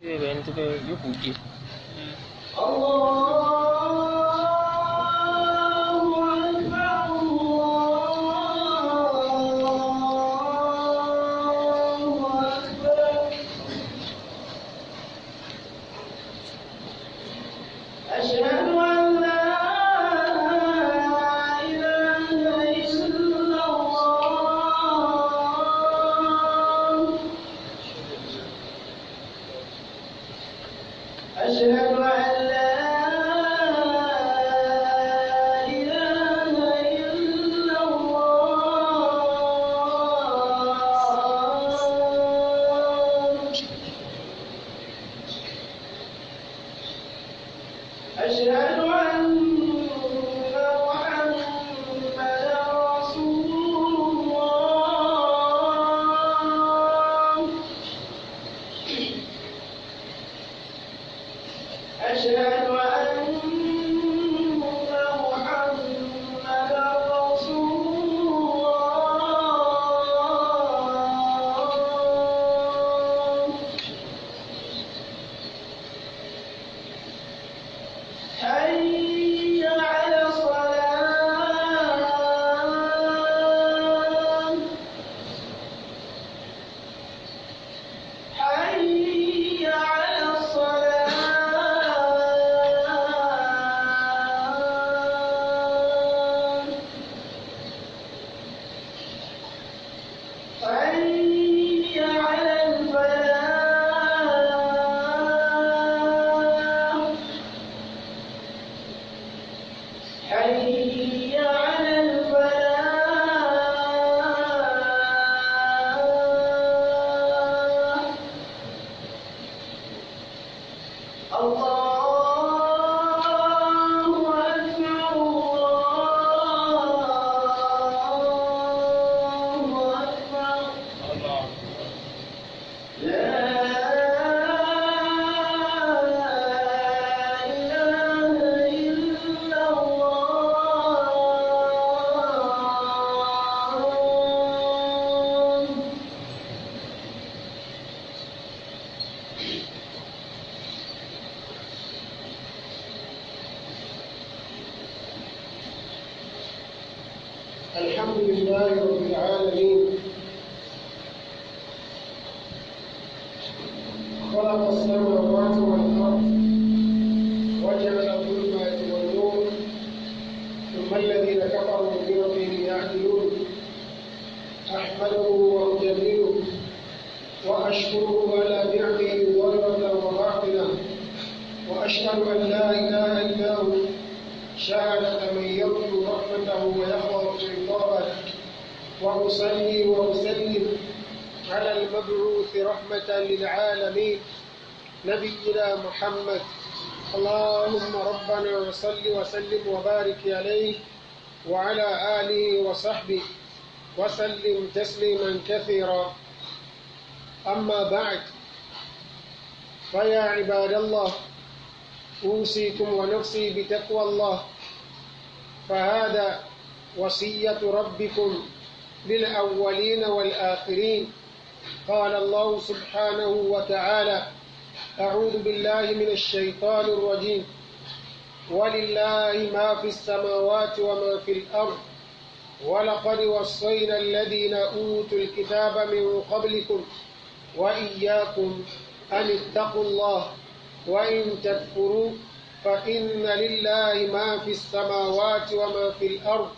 这边这个有空气，嗯。تسليما كثيرا أما بعد فيا عباد الله أوصيكم ونفسي بتقوى الله فهذا وصية ربكم للأولين والآخرين قال الله سبحانه وتعالى أعوذ بالله من الشيطان الرجيم ولله ما في السماوات وما في الأرض ولقد وصينا الذين أوتوا الكتاب من قبلكم وإياكم أن اتقوا الله وإن تكفروا فإن لله ما في السماوات وما في الأرض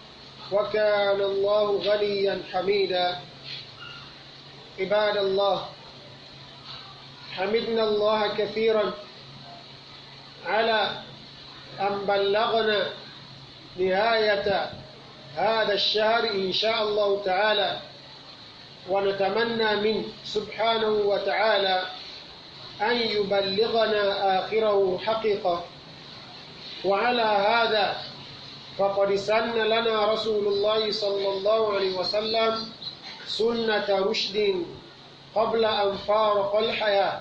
وكان الله غنيا حميدا عباد الله حمدنا الله كثيرا على أن بلغنا نهاية هذا الشهر إن شاء الله تعالى ونتمنى منه سبحانه وتعالى أن يبلغنا آخره حقيقة وعلى هذا فقد سن لنا رسول الله صلى الله عليه وسلم سنة رشد قبل أن فارق الحياة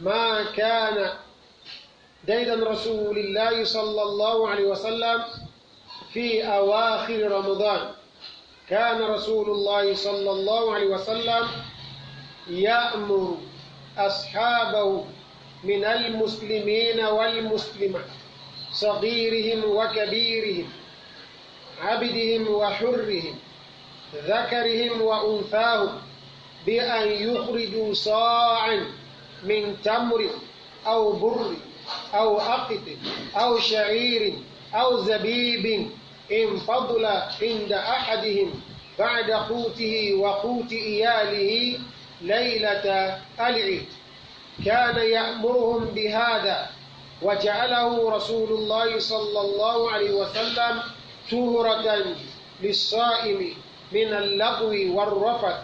ما كان ديدا رسول الله صلى الله عليه وسلم في أواخر رمضان كان رسول الله صلى الله عليه وسلم يأمر أصحابه من المسلمين والمسلمات صغيرهم وكبيرهم عبدهم وحرهم ذكرهم وأنثاهم بأن يخرجوا صاعا من تمر أو بر أو أقط أو شعير أو زبيب إن فضل عند أحدهم بعد قوته وقوت إياله ليلة العيد كان يأمرهم بهذا وجعله رسول الله صلى الله عليه وسلم تهرة للصائم من اللغو والرفث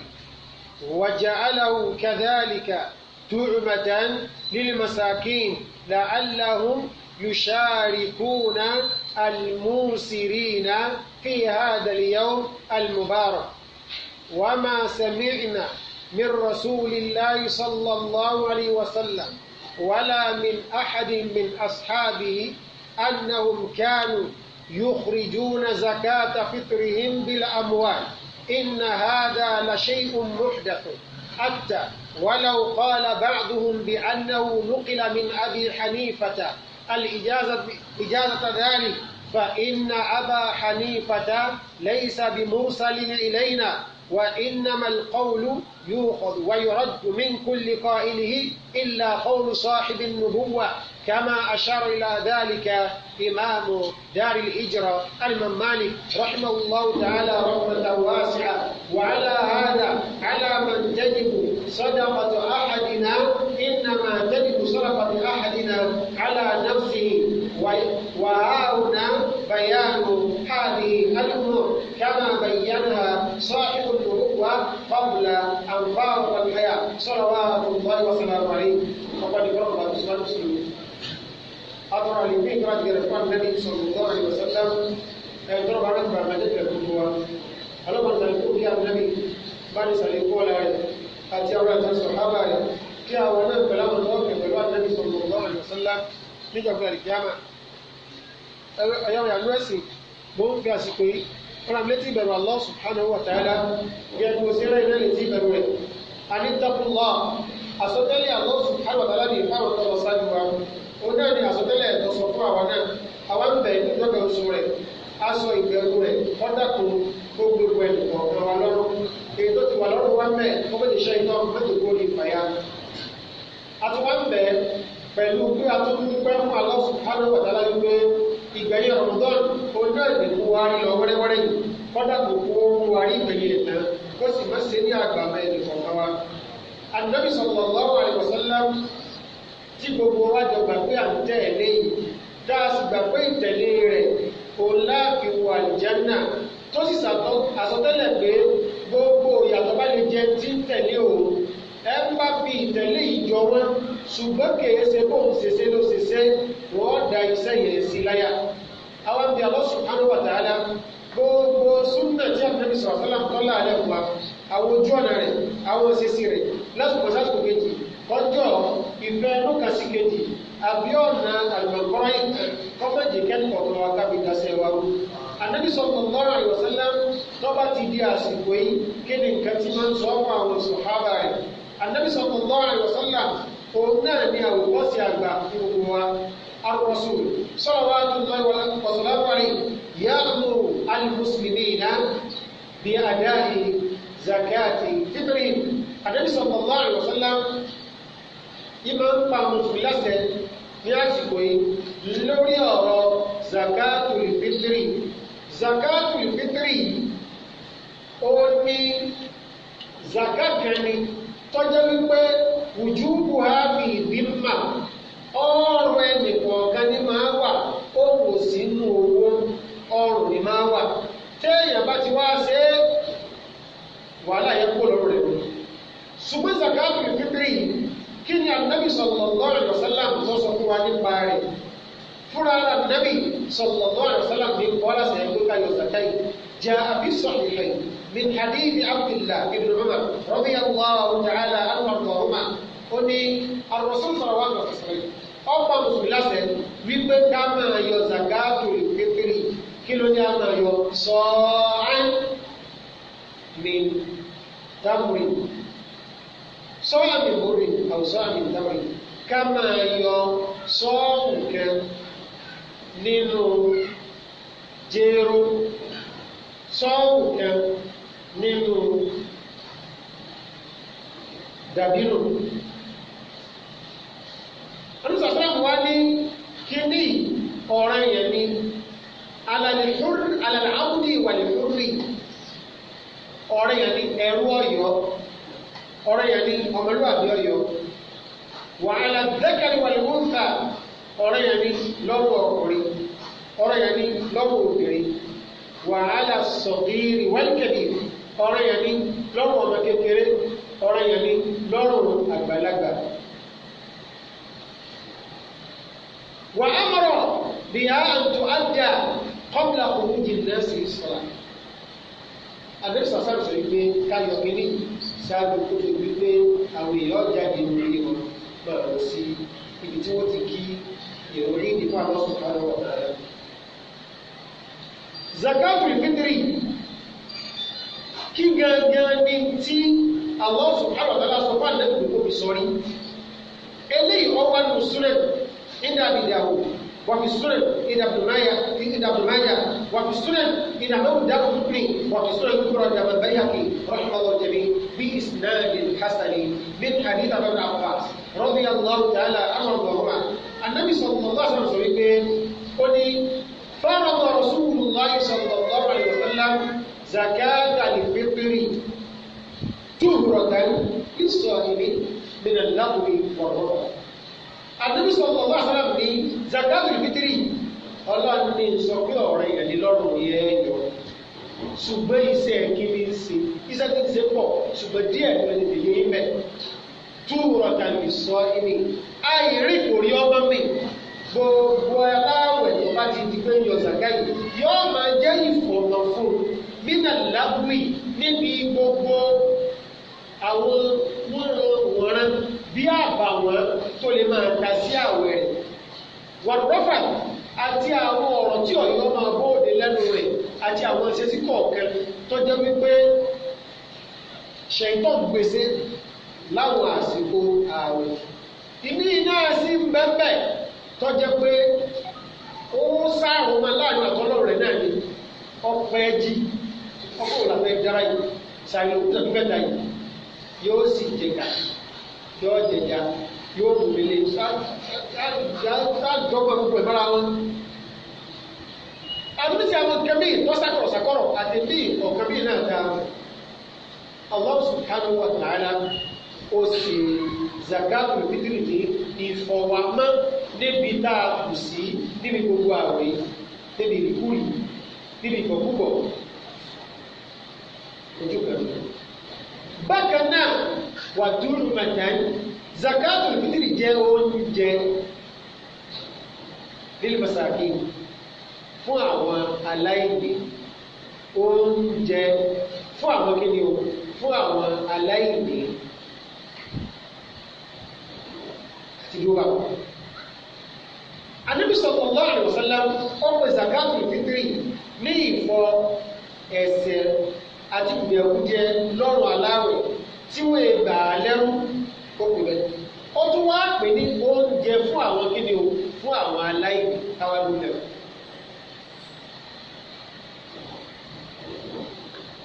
وجعله كذلك تعمة للمساكين لعلهم يشاركون الموسرين في هذا اليوم المبارك وما سمعنا من رسول الله صلى الله عليه وسلم ولا من أحد من أصحابه أنهم كانوا يخرجون زكاة فطرهم بالأموال إن هذا لشيء محدث حتى ولو قال بعضهم بأنه نقل من أبي حنيفة الإجازة إجازة ذلك فإن أبا حنيفة ليس بمرسل إلينا وإنما القول يؤخذ ويرد من كل قائله إلا قول صاحب النبوة كما أشار إلى ذلك إمام دار الإجرة الإمام مالك رحمه الله تعالى رحمة واسعة وعلى هذا على من تجب صدقة أحدنا إنما تجب صدقة أحدنا على نفسه وهنا بيان هذه الأمور كما بينها صاحب قبل أن فارق الحياة صلوات الله وسلامه عليه وقد فرض أسماء المسلمين أطرع لبيك رد رفقان النبي صلى الله عليه وسلم يضرب عن أكبر ما جد الكتوة ألو أن يقول يا النبي بني سليقوا لا أتي أولا الصحابة كي أولا بلا متوقع بلا النبي صلى الله عليه وسلم níjọba ìkíyàmà ẹyọ ìyànú ẹsìn mo ń fi àsìkò yìí rán létí ìbẹ̀rù Allah subhanahu wa ta'ala gẹ́gẹ́ bó ṣe rẹ̀ rẹ̀ létí ìbẹ̀rù rẹ̀ anítàkùnlá àsọtẹ́lẹ̀ Allah subhanahu wa ta'ala ní ìfáwọn tọ́lọ sáájú wa òun náà ni àsọtẹ́lẹ̀ ẹ̀tọ́ sọ fún àwa náà ìgbẹ̀yìn ọ̀rọ̀dọ́n ojú ẹ̀dẹ̀kú wa rí lọ wẹ́rẹ́wẹ́rẹ́ yìí kọ́dà kò kú oorun wa rí ìgbẹ̀yìn rẹ̀ tán kó sì má ṣe ní àgbàmọ̀ ẹ̀dẹ̀ kọ̀ọ̀kan wa. ànábì sallallahu alaihi wasallam tí gbogbo wa jọ gbàgbé à ń tẹ̀lé yìí tá a sì gbàgbé ìtẹ̀lé rẹ̀ òun láàfin wà àlìjánà tó sì sàtọ́ àsọtẹ́lẹ̀ pé ẹ ń bá fi ìtẹ̀lé ìjọ wọn ṣùgbọ́n kìí ṣe bó ń ṣe ṣe ló ṣe ṣe wọ́n da iṣẹ́ yẹn sí láyà àwọn bí Allah subhanahu wa ta'ala gbogbo súnmọ́ tí a nàbí sọ̀rọ̀ sọ́lá tọ́lá rẹ̀ wá àwọn ojú ọ̀nà rẹ̀ àwọn òṣèṣì rẹ̀ lásìkò sásìkò kejì ọjọ́ ìfẹ́ lókàsí kejì àbí ọ̀nà àlùmọ̀kọ́rọ́ kẹ́kọ̀ọ́ kan wá kábi dasẹ̀ wa wò. ànábì sallallahu alaihi wasallam tó bá ti di àsìkò yìí kí ni nǹkan ti máa ń sọ fún àwọn sọ̀hábà rẹ̀ Ànábì sallallahu alaihi wasallam òun náà ni àwòkọ́sí àgbà fún gbogbo wa ar-rasul salawatullahi wa salamuhu alayhi ya'muru al-muslimina bi ada'i zakati fitri Ànábì sallallahu alaihi wasallam ìmọ̀ ń pa mùsùlùmí láṣẹ ní àsìkò yìí lórí ọ̀rọ̀ zakatul fitri zakatul fitri ó ní zakat kan tọ́jọ́ wípé wùjúbù hábì bímà ọ̀rọ̀ ẹnì kọ̀ọ̀kan ní máa wà ó kò sínú owó ọrùn ní máa wà téèyàn bá ti wá ṣe é wàhálà yẹn kó lọ́rùn rẹ̀ ṣùgbọ́n zakaatu fitiri kí ni anabi sallallahu alaihi wasallam tó sọ fún wa nípa rẹ̀ fúnra anabi sallallahu alaihi wasallam ní kọ́lá sẹ́yìn pé ká yọ jẹ́ àbí sọ̀rọ̀ ìfẹ̀yìn. من حديث عبد الله بن عمر رضي الله تعالى عنه وارضاهما ó الرسول صلى الله عليه وسلم ọ̀pọ̀ mùsùlùmí láṣẹ wípé ká máa yọ zakato ìkékeré kí ló ní a máa yọ sọ́ọ́án mi tamuri sọ́ọ́án mi borí àwọn sọ́ọ́án mi tamuri ká máa yọ sọ́ọ̀hún kan nínú jéró sọ́ọ̀hún kan nínú dàbírò alùsàtàmù wá ní kíní ọ̀ràn yẹn ní alàlàáwùdí ìwàlẹ̀fúrì ọ̀ràn yẹn ní ẹrú ọ̀yọ́ ọ̀ràn yẹn ní ọmọlúwàbí ọ̀yọ́ wàhálà dẹ́kẹ̀lì wàlẹ̀wọ̀nsà ọ̀ràn yẹn ní lọ́wọ́ ọkùnrin ọ̀ràn yẹn ní lọ́wọ́ obìnrin wàhálà sọ̀gírì wàlẹ̀kẹ̀lì ọ̀rọ̀ yẹn ní lọ́rùn ọmọ kékeré ọ̀rọ̀ yẹn ní lọ́rùn àgbàlagbà. wà á mọ̀rọ̀ bí a tó ájà kọ́bùlà òun jìnnà sí sọ̀rọ̀ àdébísà sábà sọ wípé káyọ̀ kínní ṣáájú tó fi wípé àwọn èèyàn jáde lórí wọn lọ́rọ̀ sí ibi tí wọ́n ti kí ìròyìn ìdìbò àwọn ọ̀sán kan lọ́wọ́. zakatul fitri kí gangan ni tí Allah subhanahu wa ta'ala sọ fún àlẹ́kùn tó fi sọ rí eléyìí ọwọ́ nù súrẹ̀ nígbà ìdàwó وفي السنن إلى ابن ماجه إلى ابن ماجه وفي السنن إلى عمر دار الكفري وفي السنن الكبرى لابن البيهقي رحمه الله الجميع بإسناد حسن من حديث ابن عباس رضي الله تعالى عنهما النبي صلى الله عليه وسلم قل فرض رسول الله صلى الله عليه وسلم زكاة مرة للصائم من اللغو والرفع Àdébí sọ̀rọ̀ bá sára ní Zakatul Fitri ọlọ́run ní sọ pé ọ̀rẹ́ ìrẹ̀lẹ̀ lọ́rùn yẹ ẹ̀yọ́. Ṣùgbọ́n iṣẹ́ kíni ń ṣe, iṣẹ́ tó ti ṣe pọ̀, ṣùgbọ́n díẹ̀ ló lè dèlé mẹ́. Túwùrọ̀ tàbí sọ ẹni. Àìrí kò rí ọmọ mi. Gbogbo aláwẹ̀ tó bá ti di pé yọ Zakayi, yóò máa jẹ́ ìfọ̀nà fún Mínà Lábùí níbi gbogbo àwọn wọ́nrán bí àbàwọ́n tó lè máa ta sí àwẹ̀ rẹ̀ wọ́n rọ́fà àti àwọn ọ̀rọ̀ tí ọ̀yọ́ máa bóde lẹ́nu rẹ̀ àti àwọn ìṣesí kọ̀ọ̀kan tó jẹ́ wípé ṣẹ̀ńtọ̀ gbèsè láwọn àsìkò ààwẹ̀ ìmí náà sì ń bẹ́ẹ̀ tó jẹ́ pé ó ń sáàrùn láàrin àtọ́lọ́ rẹ̀ náà ni ọ̀pẹ́ jí ọkọ̀ òlàfẹ́ dára yìí ṣàyẹ̀wò tó fẹ́ dà yìí yóò sì jẹjà yóò jẹjà yóò mú mi lé sáàjọpọ̀ púpọ̀ ìbára wọn. àdúrótì àwọn kẹmí tọ́sàkọ̀rọ̀ sàkọ̀rọ̀ àti bí ọ̀kan bí náà dáa Allah subhanahu wa ta'ala ó sì zakatul fitri ní ìfọ̀wàmọ́ níbi tá a kù sí níbi gbogbo àwẹ̀ níbi ìkúlù níbi ìkọ̀kúbọ̀ ojú kan bákan náà wàdúrú màtáyì zakatul fitiri jẹ́ oúnjẹ lílùmọ̀sáàkì fún àwọn aláìní oúnjẹ fún àwọn kíni o fún àwọn aláìní àti dúró àwọn. Ànábì sallallahu alaihi wasallam ọ̀pọ̀ zakatul fitiri ní ìfọ ẹsẹ̀ àti kùdìẹ̀kùdìẹ lọ́rùn aláwẹ̀ tí wọ́n lè gbà á lẹ́rú òkú rẹ̀. ó tún wá pè ní oúnjẹ fún àwọn kíni o fún àwọn aláìní táwa ló lẹ̀.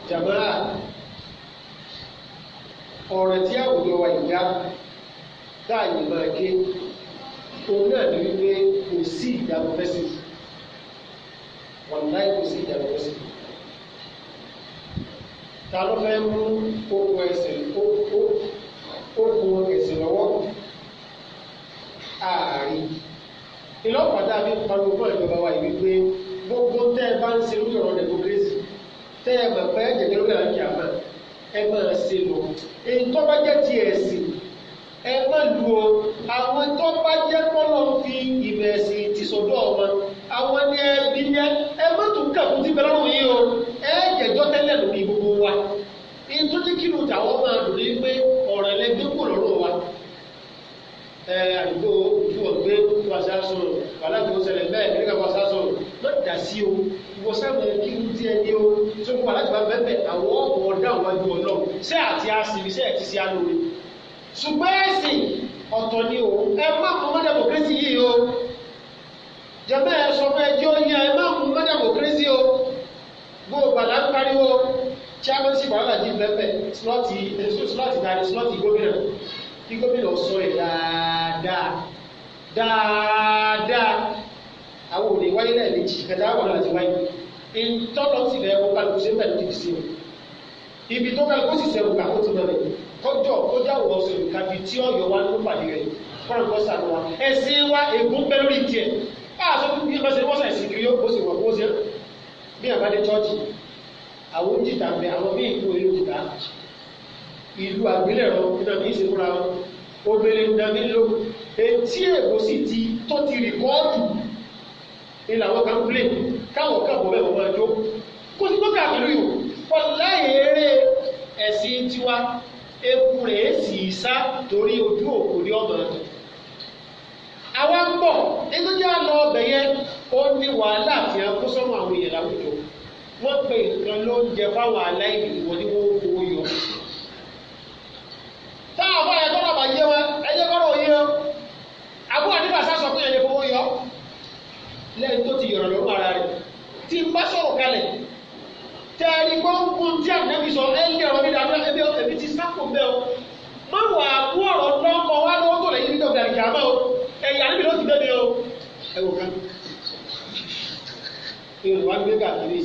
jàmọ́ra ọ̀rọ̀ tí àwùjọ wa ìyá táàyè máa gé òun náà ní wípé kò sí ìdàgbàsí wàlúùláì kò sí ìdàgbàsí ta ló fẹ́ mú okùn ẹsẹ̀ okùn ẹsẹ̀ lọ́wọ́ ààrin ìlọ́pàá tàbí pariwo fún ìjọba wa ìwé pé gbogbo tẹ́ ẹ bá ń ṣe lórí ọ̀rọ̀ democracy tẹ́ ẹ mọ̀ pé ẹ̀jẹ̀ lórí àǹkì àmà ẹ máa ṣe lọ èyí tó bá jẹ́ ti ẹ̀sìn ẹ má lu o àwọn tó bá fi ìmọ̀ ẹ̀sìn ti sọ́dọ̀ ọmọ àwọn ni ẹbí yẹn ẹ má tún kàkútì bẹ́ẹ̀ lọ́rùn o ẹ jẹ́jọ́ tẹ́lẹ̀ lórí gbogbo wa ẹni tó jẹ́ kí ló dà wọ́n máa lò ní pé ọ̀rọ̀ ẹlẹ́gbẹ́ kò lọ́rọ̀ wa ẹ àdúgbò ojú ọ̀gbẹ́ wàṣà sọ̀rọ̀ wàhálà tó ṣẹlẹ̀ bẹ́ẹ̀ kí nígbà wàṣà sọ̀rọ̀ má dà sí o ìwọ sábà kí n tí ẹni o tó ń pa láti bá bẹ́ẹ̀ àwọn ọ̀pọ̀ ọ̀dà wájú ọ̀nà ṣé àti àṣìbí ṣé àti ṣe alóore ṣùgbọ́n ẹ̀sìn ọ̀tọ̀ ni o ẹ má mú mọ́ yìí o jẹ́bẹ́ ẹ sọ fún ẹjọ́ yẹn ẹ má mú mọ́ o gbogbo bàlá ń pariwo chairmanship wàhálà ti bẹ́ẹ̀ slọ́ọ̀tì slọ́ọ̀tì dání slọ́ọ̀tì gómìnà kí gómìnà sọ rẹ̀ dáadáa dáadáa àwọn òde wáyé náà méjì kẹta àwọn àti wáyé ìtọ́lọ́ sì fẹ́ kó kálukú sí pẹ̀lú tìbí sí o ibi tó kálukú sì sẹ́wù kà ó ti lọ rẹ̀ kọjọ kọjá wọ ọsẹ kàbí tí ọyọ wa ló pàdé rẹ kọlọn kọ sànù wa ẹsìn wa ègún bẹ lórí tiẹ báà sọ fún bí ọsẹ wọn sàn sí kiri ó sì wọ kó ṣe bí àbádé chọọchì àwọn jìtà ń bẹ àwọn bí ìlú ìlú jìtà ìlú àgbélẹ̀rọ iná ní ìsìnkúra wọn obìnrin iná nílò etí èkó sì ti tó ti rìkọ́ọ̀dù ní làwọn kan plé káwọn kàbọ̀ bẹ́ẹ̀ wọ́n máa jó kó sì gbọ́dọ̀ àbílú yòó wọ́n láyé eré ẹ̀sìn tiwa eku rẹ̀ sì sá torí ojú òkú ní ọ̀nà rẹ̀ àwa ń bọ̀ nítorí àlọ́ ọbẹ̀ yẹn ó ní wàhálà àti àkósọ́mọ àwọn èèyàn láwùjọ wọ́n pe nǹkan lóúnjẹ fáwọn aláìní wọ́n ní wọ́n fowó yọ. tá a bá ẹgbẹ́ náà bá yé wọn ẹyẹ kọ́rọ̀ òye o àbúrò nígbà sásọ pé ẹyẹ fowó yọ lẹ́yìn tó ti yọ̀rọ̀ lọ́rùn ara rẹ̀ tí n bá sọ̀rọ̀ kalẹ̀ tẹ ẹni gbọ́ ń kún tí ànábì sọ ẹ ń dẹ̀rọ mi dàbí ẹbí ẹbí ti sápò bẹ́ẹ̀ o má wà á kú ọ̀rọ̀ lọ́kọ̀ wá lọ́wọ́ tó lẹ́yìn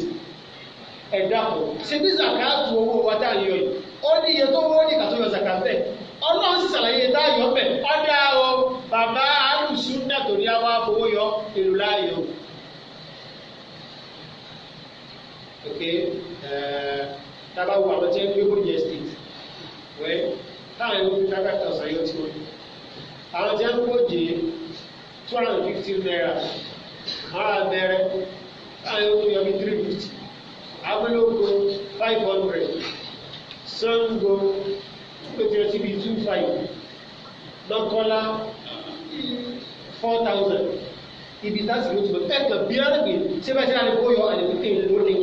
nígbà ẹ̀dá kọ̀ ṣebí zakatu owó wa tá à ń yọ yìí ó ní iye tó wọ́n ní kàtó yọ zaka bẹ́ẹ̀ ọlọ́run sì ṣàlàyé tá a yọ bẹ́ẹ̀ ọ̀dà o bàbá alùsùn náà torí àwa fowó yọ èrò láàyè o. okay tába wo àwọn tí ń gbé bóyá estate wẹ táwọn ẹni fún five thousand yóò ti wọn àwọn tí ń gbó jè two hundred and fifty naira àwọn abẹ́rẹ́ táwọn ẹni fún yọ bí three fifty awolowo five hundred sango ó ti lọ síbi two five lọ́kọ́lá four thousand ibi táàsì ló ti lọ ẹ̀ka bíárẹ̀gbẹ̀ ṣé bá ṣe láti kó yọ àlèkùté lónìí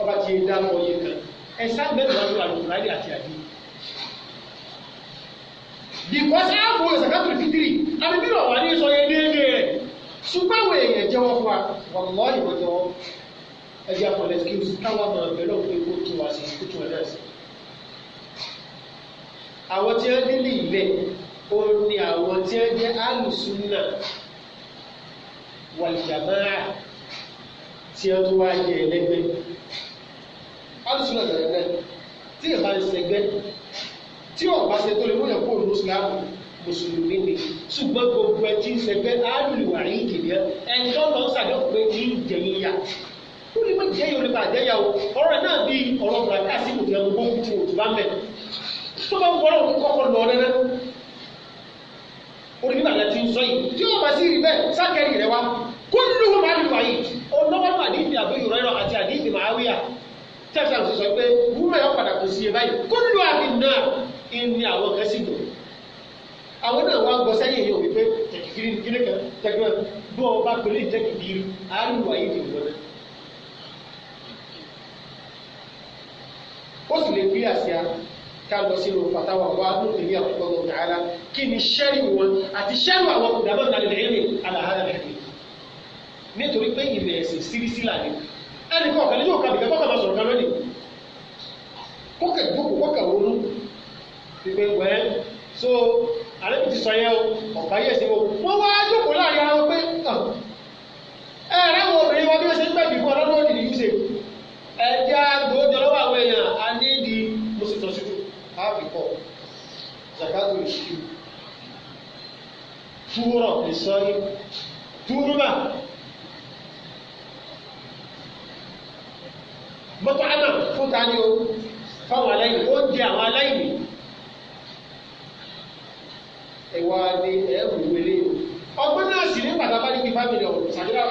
ọba ti dá mọ iye kan ẹ sábẹ́ẹ̀lì wájú àlùkùnrin àti àdìyẹ because aago ìsàkátùrù fitiri àbíbí ọ̀wà ní sọ yẹn déédéé ṣùgbọ́n àwọn èèyàn jẹ́wọ́ fún wa wọ́n lọ́ọ́ ìwọ́jọ́wọ́ ẹjẹ àpọ̀lẹ̀ kí o sì káwà máa bẹ̀rẹ̀ òfin kó tún wá sí kó tún ẹ̀ náà sí. àwọn tí wọ́n nílé ìbẹ̀ ó ní àwọn tí wọ́n jẹ́ alùsùnà wàlìjàmáà tí wọ́n tó wá jẹ ẹlẹ́gbẹ́. alùsùnà tẹ̀lé náà tí ìbá ń sẹgbẹ́ tí ọ̀bá ṣe tó lè múlẹ̀ kó o mùsùlùmí mùsùlùmí ni ṣùgbọ́n gbogbo ẹ ti ń sẹgbẹ́ alùwàrí ìkìlẹ̀ ẹ̀ ń tọ́ lọ sàdọ̀ pé kí ń jẹ yíyá kó lè má jẹ́ yòó nípa àjẹyà o ọ̀rọ̀ náà bí ọ̀rọ̀ bùrọ̀dá sí kò jẹ́ gbogbo tí o ti bá mẹ́ tó bá ń gbọ́ ọ̀rọ̀ kọ́kọ́ lọ rẹ́rẹ́ orí nígbà láti ń sọ yìí tí ó bá sí rí bẹ́ẹ̀ sákẹ́rì rẹ wá kó lóhùn máa lù wáyé ọlọ́wọ́ náà ní ìdí àbúyọ̀ rẹ́rọ̀ àti àdíjì máa wíyà tẹ́sán ti sọ pé wúmọ̀ ẹ̀ padà kò sí ẹ báyìí kó lù àbí náà ìní àwọn kan sì dùn àwọn náà wá gbọ́ sẹ́yìn yìí ò wípé tẹ̀kìkiri kílẹ̀ kan tẹ̀kìkiri bọ́ ọ bá pèlè tẹ̀kìkiri wáyé ti wọlé. ó sì lè kílíà sí a ká lọ sínú fatawa wa ló ń tẹ̀lé àwọn ọ̀gbọ́n tààlà kí ni sẹ́rì wọn àti sẹ́rì àwọn kùdàbọ̀ náà lè rìn àlàhàlà rẹ̀ nítorí pé ilẹ̀ ẹ̀sìn sírísí là ní ẹnì kọ̀ọ̀kan ní yóò ká bìkẹ́ kọ́kà sọ̀rọ̀ kan lónìí kọ́kà gbogbo kọ́kà ronú pípé wẹ́ so àlẹ́bí ti sọ yẹ o ọ̀gá yẹ̀ sí o wọ́n wá jókòó láàrin ara wọn pé ah, ẹ̀rẹ́ wọn obìnrin wọn bí wọ́n ṣe ń gbẹ̀bí fún ọlọ́dún ẹja gbòójọ lọ́wọ́ àwọn èèyàn a ní ìdí mo sì tọ́sí tó áàfì kọ́ zakato ìṣirò túwúrọ̀ ìsọyí túwúrúmà mọ́tò àmà fúnta ni o fáwọn aláìní oúnjẹ àwọn aláìní ẹ̀wà ni ẹ̀rù wẹ̀lẹ́ ọgbọ́n náà sì ní pàtàkì fámìlì ọ̀rọ̀ sàdúrà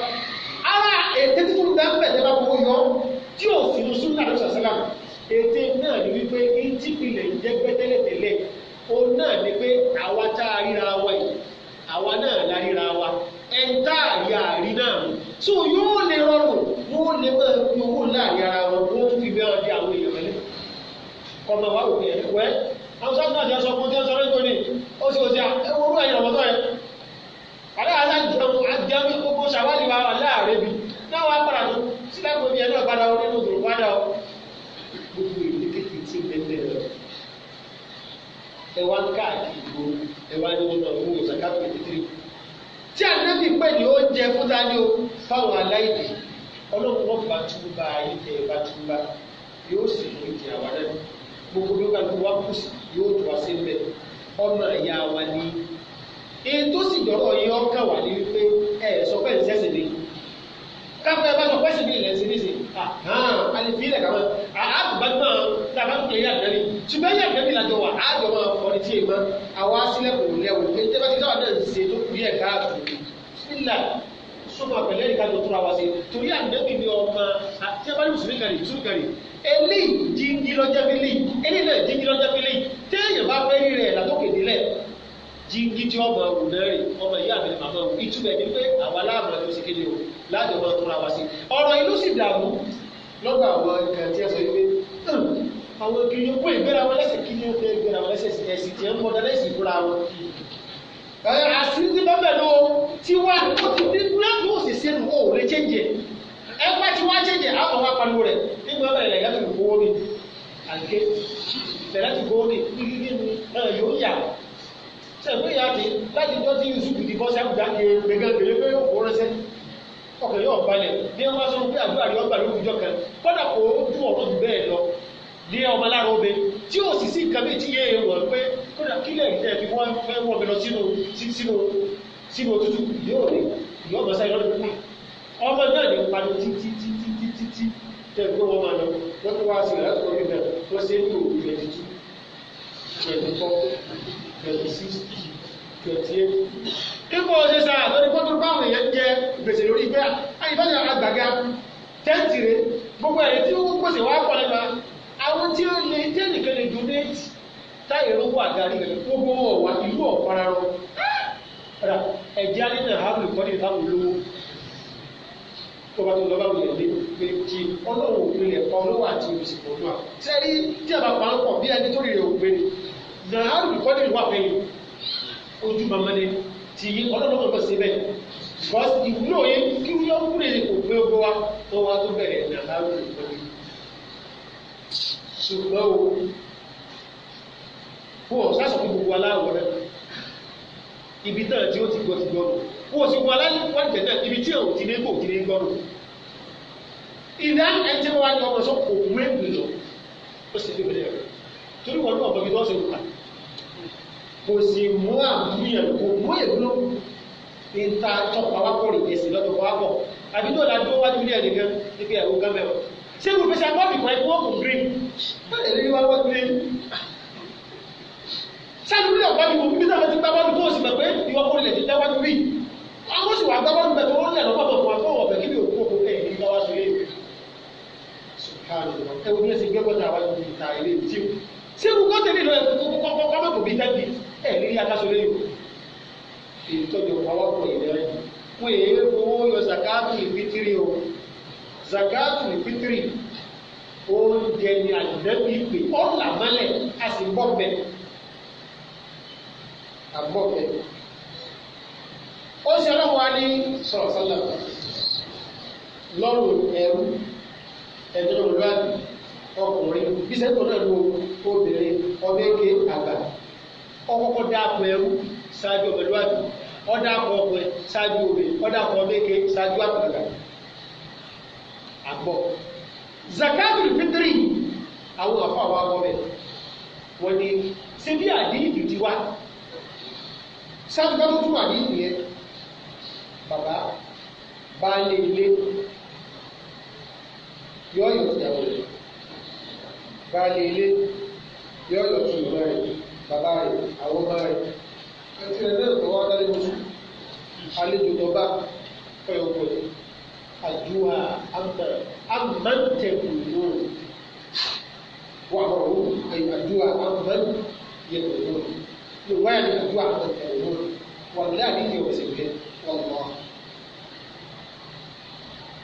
ara ètè tuntun dáńbẹ̀ tẹ́lá kó yọ ọ́ tí o sì mú súnà lọ́sọ̀ sálàm ète náà ni wípé ìtì ìpìlẹ̀ jẹ́ gbẹ́tẹ́lẹ̀tẹ́lẹ̀ òun náà ni pé àwa tá a ríra wa yìí àwa náà la ríra wa ẹ̀ńtà àyà àrí náà tó yóò lè rọrùn wọ́n lè máa fi owó láàrin ara wọn wọ́n fi bẹ́ẹ̀ ọdẹ àwọn èèyàn mẹ́lẹ́ ọmọ wa ò bẹ̀rẹ̀ wẹ́ àwọn sáà náà ti sọ fún tí wọ́n sọ lẹ́gbẹ̀ẹ́ ni ó sì òsì ẹwọ́n orú ẹ̀yìn ọ̀mọ́tọ́ yẹn àlẹ́ àlẹ́ àjẹun gbogbo ṣàwádìí wa wà láàrin bíi táwọn agbára lọ sílẹ̀ gbòmí ẹ̀ náà gbára orí lòdùn wáyà ọ gbogbo ìlú kékeré tí bẹ́ẹ̀ lọ. ẹ wá ń káàkiri ìbò ẹ wá ní ọ̀nà òun ò sàkà pé títí. tí ànábì pè ní oúnjẹ fún dání o fáwọn aláìní ọlọ́run wọn bá túbà ayé tẹ ẹ bá túbà yóò sì mú ìdí àwa náà gbogbo bí wọn wá kù sí yóò tó wá sí bẹ ọmọ ìyá wa ni èyí tó sì dọ̀rọ̀ yìí ọkàn wà ní wípé ẹ sọ pé ẹ ń káfíńtà ẹ bá sọ pẹ́sì bí ah, ah, ilẹ̀ ṣíríṣì àhán alìfílẹ̀ kàwọn àgbàgbà tàbá ń pè é àgbẹ̀rì ṣùgbọ́n ẹ̀yà àgbẹ̀rì làjọ wà ájọ máa kọrí tí èèmọ́ àwa sílẹ̀kùn lẹ́wọ̀ ètò ẹgbẹ́ títà náà ṣe tó bí ẹ̀ka sílà súnmọ́ àpẹ̀lẹ́ ìka tó tóra wá sí torí àgbẹ̀rì ni ọmọ tí a bá ní mùsùlùmí kàrí tú kàrí elé jíjí lọ́jọ́ fílì elé náà jíjí lọ́jọ́ fílì jíjí tí ọmọ ẹwù lẹ́rì ọmọ ìyá mi màmá ẹwù ìtumẹ̀ ni pé àwa láàmú ẹni ṣe kéde o láti ọmọ tó ra wa sí ọ̀rọ̀ yìí ló sì dààmú lọ́dọ̀ àwọn nǹkan tí ẹ sọ wípé hmm, àwọn kiri ó pé ìgbéra wọn lẹ́sẹ̀ kiri ó pé ìgbéra wọn lẹ́sẹ̀ sí ẹsì tí ẹ ń kọ́ ọ̀dà lẹ́sì ìfúra wọn. àṣírí ti bá bẹ̀ lọ tí wá ó ti dé láti ó sì sẹ́nu ó lè chẹ́ǹjẹ̀ sẹ̀gbé ìyá ti láti jọ́ tí Yusuf ti bọ́ sẹ́kù jáde gbẹ̀gẹ́gbẹ̀lẹ́ pé ó rẹsẹ̀ ọkọ̀ yóò balẹ̀ ní ọmọ sọ pé àdúrà ni gbà lórí ìjọ kan kọ́dà kó o dún ọ̀rọ̀ jù bẹ́ẹ̀ lọ ní ọmọ alára obe tí ó sì sí nǹkan méjì yé e wọ̀ pé kódà kílẹ̀ ìtẹ́ fi wọ́n fẹ́ wọ́n mi lọ sínú sínú sínú òtútù yóò rí yóò mọ̀ sáyé lọ́dún fún ọmọ náà ní pariwo títí títí títí tí tẹ̀ gbé wọn máa lọ wọ́n tó wá sí ìlànà tó kọ́ twenty sixty twenty eight. ipò ṣe sára lórí pọ́tò báwọn èèyàn jẹ gbèsè lórí ìgbéra àyíbáṣe àgbàga tẹ́ǹtì rẹ gbogbo ẹ̀yẹ tí ó pèsè wá pọ̀ lẹ́nu àwọn tí ó lè tí ẹnìkan lè donate táyé ló wà gàrí rẹ gbogbo wọn wà ìlú ọ̀pára rọ ẹ̀jẹ̀ alẹ́ náà hábìlì kọ́ni táwọn olówó tọba tó lọ́ba wulẹ̀ lé méjì ọlọ́wọ́ òpin ẹ̀kọ́ ọlọ́wọ́ àti olùsìnkú náà sẹ́rí tí a bá pa ń pọ̀ bí ẹni tó rí rẹ̀ òpin nàárù ìkọ́dé wà fẹ́ yìí ojú màmá ni tí ọlọ́dún kan ṣe bẹ́ẹ̀ wọ́n ìwúlò yẹn kí wúlò ń kúrè kò pé ogbó wa tó wá tó bẹ̀rẹ̀ nàárù ìkọ́dé ṣùgbọ́n o kó o sásọ fún gbogbo aláwọ̀ rẹ ibi tí ó ti gbọ́ ti gbọ́ nù kó o sì wọ aláwọ̀ jẹ̀ náà ibi tí ò ti ní kò kí ní gbọ́ nù ìdá ẹ̀ tí wọ́n wá ní ọmọ sọ òun ègbè lọ ó sì fi bẹ̀rẹ̀ rẹ̀ torí wọn náà bọ̀ bí wọ́n ṣe wù kàtà kò sì mú àbúyàn kò mú èdúró ní ta tọ́ pàwápọ̀ rè ẹ̀sìn lọ́dọ̀ pàwápọ̀ àdúgbò la dúró wájú ilé ẹ̀nìkan níbi ẹ̀rọ gámẹ̀ o ṣé kò fẹsẹ̀ akọ́bì kan ẹ̀kọ́ kò green báyìí lórí wá wájú ilé sáàdúró lè wájú wọn bí ti gbá wájú kó o sì mọ̀ pé ìwọ kó lè ti dá wájú rí àwọn sì wà gbá wájú bẹ̀ tó wọ́n lẹ̀ lọ́pọ̀ bọ̀ fún ọ̀bẹ̀ kí ni òkú òkú ẹ̀ ní káwá sọ yé ẹ wo bí ẹ ti gbé kọta wájú ìta ilé ìtì ṣé kò kọ́ tẹ̀lé lọ ẹ̀ kó kọ́ kọ́ kọ́ mọ̀ kò bí tẹ́lẹ̀ ẹ̀ ní akáṣọ lẹ́yìn èyí tọ́jú ọ̀pọ̀lọpọ̀ ìlẹ́rìn wọ́n èyí owó yọ zakatu ìfitiri o zakatu ìfitiri o ni àdìdẹ́bí pè ọ̀là mọ́lẹ̀ a sì bọ́ bẹ̀ àbọ̀ bẹ̀ ó ṣe ọlọ́wọ́ ní sọ̀rọ̀ sọ́lá lọ́rùn ẹrú ẹ̀dọ́rùn lọ́àbí ọkùnrin bí sẹ́kọ̀ọ́ náà ló obìnrin ọbẹ̀ ké àgbà ọkọ̀kọ̀ dáàbò ẹrú ṣáájú ọ̀bẹ̀lúwàbí ọ̀dàpọ̀ ọ̀pẹ ṣáájú òbí ọ̀dàpọ̀ ọ̀bẹ̀kẹ ṣáájú àgbàlagbà àgbọ̀. zakatul fitri àwọn àfọ àwọn àgbọ̀ bẹ̀ wọ́n ni ṣé bí àdéhìdì ti wá ṣáájú bá tuntun àdéhìdì yẹn bàbá baálé ilé yọ̀ọ̀yọ̀ ìyàwó rẹ̀ baálé ilé yọ̀ọ̀yọ̀ tún ìyàwó rẹ̀ bàbá rẹ̀ àwọn ọmọ rẹ̀ àti rẹ̀ náà lọ́wọ́ adájọ́ oṣù àlejò tọ́ba pẹ̀lú àdúrà àmọ́tẹ̀kù lóru wà ọ̀rọ̀ àdúrà àmọ́tẹ̀kù lóru yorùbá yà ní àdúrà àmọ́tẹ̀kù lóru wà ní àdíjẹ ọ̀sẹ̀ bẹ́ẹ̀ wọ́n mọ́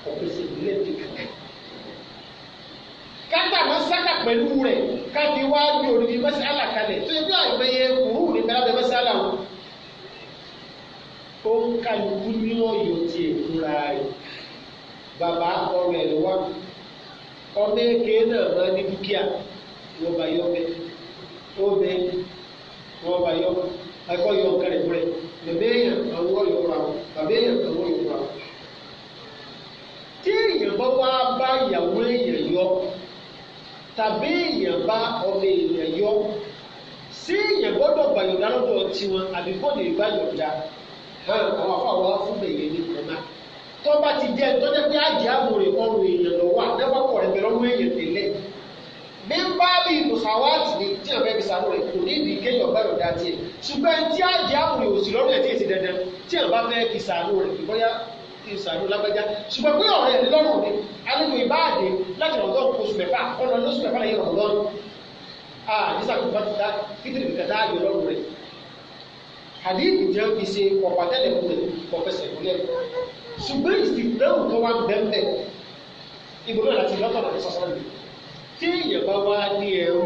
ọ̀pẹ̀sẹ̀ ìbílẹ̀ ti kàkẹ́ kátà máa sáka pẹ̀lú rẹ̀ káfí wá ní òdìdí mẹ́sàlá kalẹ̀ tó yẹ kí àgbẹ̀yẹ kùrú ní mẹ́lábẹ́ mẹ́sàlá o. ó ń ka ìlú ní ọ̀yọ́ ti èkúra rẹ̀ bàbá ọ̀rọ̀ ẹ̀ wá ọmọ èké náà máa ní dúkìá wọ́n bá yọ bẹ́ẹ̀ ó bẹ́ẹ̀ wọ́n bá yọ ẹ̀kọ́ yọ kẹrẹ̀ bẹ́ẹ̀ bàbẹ́yàn àwọn ọ̀yọ́ ra bàbẹ́yàn àwọn ọ̀yọ́ ra tí èèyàn bá wá bá ìyàwó èèyàn yọ tàbí èèyàn bá ọmọ èèyàn yọ sí èèyàn gbọ́dọ̀ gbàyọ̀dá lọ́dọ̀ tiwọn àbí kò lè gbàyọ̀dá àwọn afáwọn afúnbẹ̀yẹ ní kọ́má tó bá ti jẹ́ tó jẹ́ pé àjẹ́ àmúrè ọrùn èèyàn lọ́wọ́ àdẹ́wọ́ kọ̀ rẹ̀ bẹ̀rẹ̀ ọrùn èèyàn tẹ́lẹ̀ ní báàbí mùsàwáàtì ni tí ọ̀bẹ fi sàánú rẹ̀ kò ní ìdí kéèyàn gbàyọ̀dá tiẹ̀ ṣùgbọ́n tí àjẹ́ àmúrè òsì lọ́rùn ẹ̀ tí èsì dandan kí n sàánú lágbájá ṣùgbọ́n pé ọ̀rẹ́ lọ́rùn ni alójú ìbáàdé láti rọ̀gọ́ oṣù mẹ́fà ọ̀nà lóṣù mẹ́fà lẹ́yìn rọ̀gọ́ àdísàkùn bá ti dá fítìrì nìkan dáàbò lọ́rùn rẹ̀ àdéhùn jẹ́ fi ṣe ọ̀pá tẹ́lẹ̀ kúrò pọ̀fẹsẹ̀ kúrò ṣùgbọ́n ìsìnkú tó wá bẹ́ẹ̀ ibùdó láti lọ́tọ̀ láti sọ́sọ́ mi tí èèyàn bá wá ní ẹrú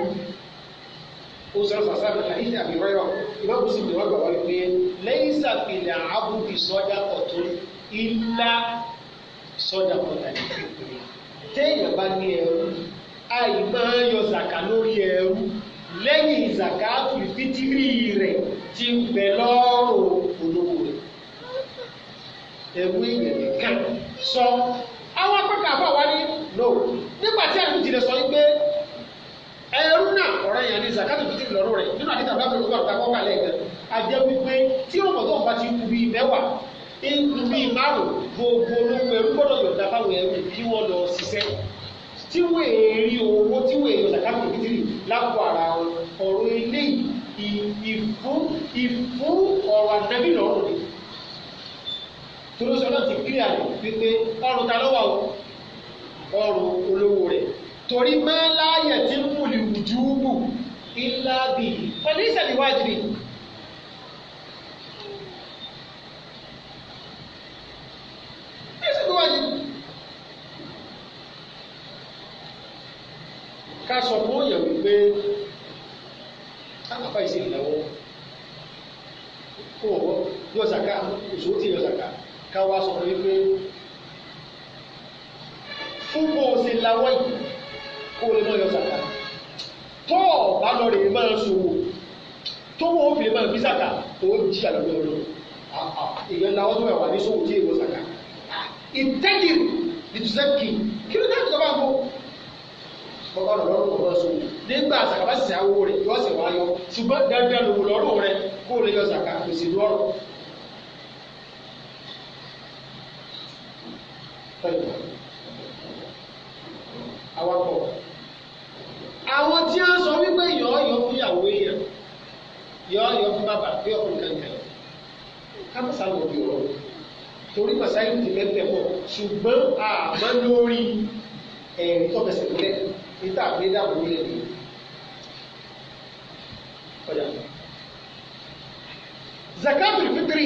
ó sọ̀rọ̀ sọ̀sọ́ mi láti ní àbí rẹ́rọ̀ ìbá kò sì mìíràn gbà wá wípé lẹ́yìn sàfihàn àbùkù sọ́jà ọ̀tún ilá sọ́dà pọ̀tàlì kékeré téèyàn bá ní ẹrú àì máa ń yọ zàkà lórí ẹrú lẹ́yìn zàkà fìfitìrì rẹ̀ ti ń bẹ lọ́rùn olówó rẹ̀ ẹrú èèyàn nìkan sọ àwọn akọ́kọ́ àbọ̀ wá ní no nígbà tí àlùjì rẹ̀ sọ wípé ẹrú náà ọ̀rẹ́ yẹn ní zakato tó ti lọ́rùn rẹ̀ nínú àdìsá bá tó lọ́wọ́ àtàkọ́ kalẹ̀ gan ajẹ́ wípé tí ọmọ tó ń bá ti kú bíi mẹ́wàá nínú bíi márùn gbogbo olówó ẹrú gbọ́dọ̀ yọ̀ǹda fáwọn ẹrú kí wọ́n lọ ṣiṣẹ́ tí wọ́n èrí owó tí wọ́n èyàn sàkáàtì kìtìrì lápò ara wọn ọ̀rọ̀ ilé ìfún ìfún ọ̀rọ̀ ànábì lọ́rùn ni torí sọ náà ti kiri àná wípé ọrùn ta lọ́wọ́ ọrùn olówó rẹ̀ torí mẹ́láyẹ̀ tí ń múlì wùdúùbù ńlá bì pẹ̀lú ìṣẹ̀lẹ̀ wájú ni. ṣe tó wáyé. ká sọ fún òyìn wípé káàpá ìṣe ìnáwó kó o yọ sàká oṣù tí yọ sàká ká wá sọ fún wípé fún bó o ṣe lawọ́ yìí kó o lè mọ yọ sàká o bá lọ rè é máa ṣòwò tó wọ́n fi lè máa fi sàká tó jí àlọ́ lọ́wọ́ lọ́wọ́ èèyàn làwọn tó wà ní sòwò tí ìtẹ́jì ìtùsẹ́kì kí ló dé ìtùsẹ́ bá ń bọ̀ bọ́kọ́ lọ lọ́rùn ọ̀rọ̀ sùn nígbà àsàkàbà sì àwọ̀ rẹ̀ yọ sí wa yọ ṣùgbọ́n dandan lòwò lọ́rùn rẹ̀ kó lè yọ sàkà kò sì lọ́rùn. awakọ̀ àwọn tí a sọ wípé yọ̀ọ́yọ̀ fún ìyàwó èèyàn yọ̀ọ́yọ̀ fún bàbá bí ọkùnrin kankan kápẹ́sà lọ́ọ́ bí ọ̀rọ̀ torí màsáyé ti mẹ́tẹ̀ pọ̀ ṣùgbọ́n àmọ́ lórí ẹ̀rí tọ́fẹsẹ̀ lẹ́ níta àgbé dàbò ní ẹ̀rí zakatul fitri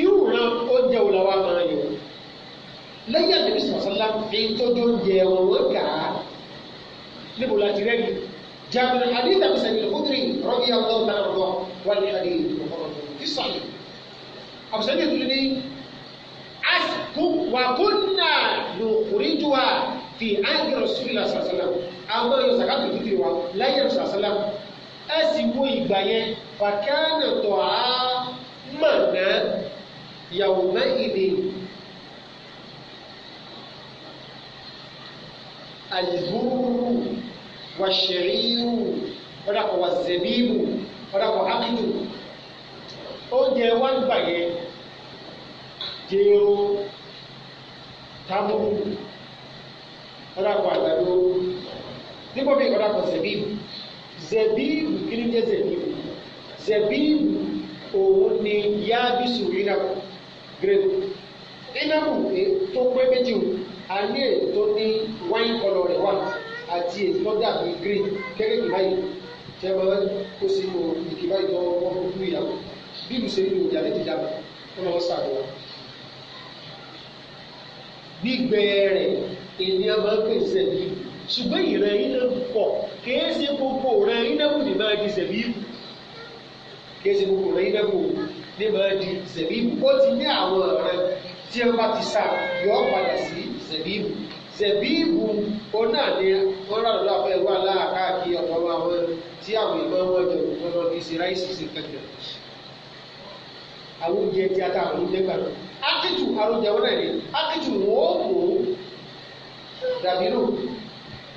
irú ran oúnjẹ wò làwọn máa yọ lẹ́yìn àdébí sọ̀sọ́lá fi tọ́jú oúnjẹ wọn wọ́n kà á níbo láti rẹ́ni jàmbá àdéhùn àbísẹ̀lẹ̀ kúndìrì rọ́bì àwọn ọ̀dọ́ wọn ní àdéhùn ìfọ̀kọ̀rọ̀ fi sọ̀rọ̀ ọ̀bùsọ̀lì tún ní wàkúnnà lòkùrìjùwà fi áńgì rọ̀sùlùmí sàṣàlá àwọn ọmọ sàkàtù fìdí wa láyé sàṣàlá ẹ sì wo ìgbà yẹn fàkánà tó a mọ̀ náà yàwó náà alìbúrú wàṣẹ̀ríru ọ̀dàkọ̀ wàzẹ̀bíbù ọ̀dàkọ̀ ákìdù oúnjẹ wá ń gbà yẹn jéró tábùrù ọ̀dàpọ̀ àgbàdo dípò bí ọ̀dàpọ̀ zẹ̀bíìbù zẹ̀bíìbù kí ni jẹ́ zẹ̀bíìbù zẹ̀bíìbù òun ni yábísù ìnáwó gírèdù ìnáwó tó pé méjì o a ní ètò ní wáìn kọlọ rẹ wà àti ètò dàbí gírèdù kékeré báyìí tẹ́ wọ́n kó sínú ìkìbáyìí tó wọ́n fún ìyàwó bí ìlú ṣe ń lo ìjà lè dìjà ọlọ́wọ́ sàdúrà gbígbẹ rẹ̀ ènìyàn máa ń pèsè bí ṣùgbọ́n ìran iná pọ̀ kìí ṣe gbogbo ìran iná kù ní máa di sẹ̀bíìbù kìí ṣe gbogbo ìran iná kù ní máa di sẹ̀bíìbù ó ti ní àwọn ọ̀rẹ́ tí wọ́n bá ti sá yọ padà sí sẹ̀bíìbù sẹ̀bíìbù ọ̀nà ni wọ́n rà lọ́wọ́ àbẹ̀wò aláàkáàkiri ọ̀pọ̀ àwọn tí àwọn ìmọ̀ wọn jọ ìgbọ́n lọ fi ṣe ráìsì sí kẹ̀kẹ́ àwọn oúnjẹ tí a ta àwọn oúnjẹ gbà náà akitu àròjẹ wọn náà ni akitu wọn ò mú dàbí nù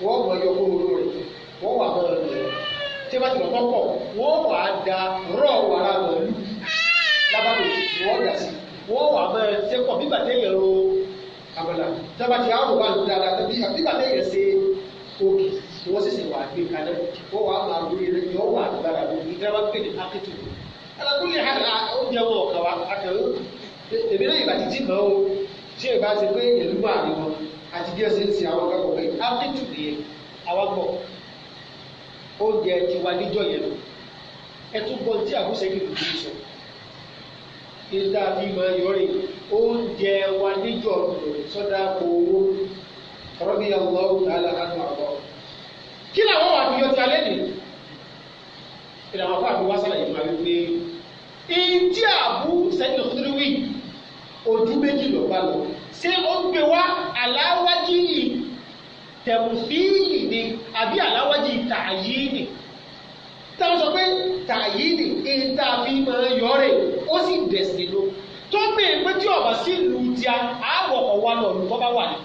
wọn mọ ẹyọ kó lóru rẹ wọn wà mọ ẹyọ rẹ tí a bá ti lọ pọpọ wọn wà á da rọ wàrà màálù lábàlù ni wọn dà sí wọn wà mọ ẹ ṣe pọ bíbà téèyàn ro àmàlà tí a bá ti àrò wà ní dáadáa tàbí bíbà téèyàn ṣe òkè ni wọn ṣẹ̀ṣẹ̀ wà gbé kalẹ̀ wọn wà máa wúlò rẹ yọ wà gbára lórí ìdára wọn pè ní akitu alákùnrin àrà oúnjẹ wọn ọ̀kà wa akẹ́wò èmi náà ìbàdí tí mọ̀ ọ́ tí ìbá ti pé ìlú wà ní wọn àti bí ọ̀sẹ̀ ti àwọn akẹ́kọ̀ọ́ pé áfíríkì nìyẹn àwọn gbọ̀ oúnjẹ ti wà níjọ yẹn ẹ tún gbọ́ tí àbúṣe kìlú ti sọ ìdá bí mọ̀ yọrí oúnjẹ wà níjọ sọ́dá owó rọ́bì aláwọ̀ tààlà kánú àbọ̀ kí làwọn wà níyọ̀ tí alẹ́ nìyẹn ìlànà fún àbúwá sálàyé máa wí pé ìdí àbú sẹ́yìn òkúrúwì ojú méjì ló bá lọ ṣé ó gbé wá aláwájú yìí tẹ̀wùfíìlì ni àbí aláwájú tààyè ni táwọn sọ pé tààyè ni ìta fi máa yọrè ó sì dẹ̀sìn ló tó bèè pé tí ọba sí ìlú tíá àwọ̀ ọ̀wá lọ ló bá wà ní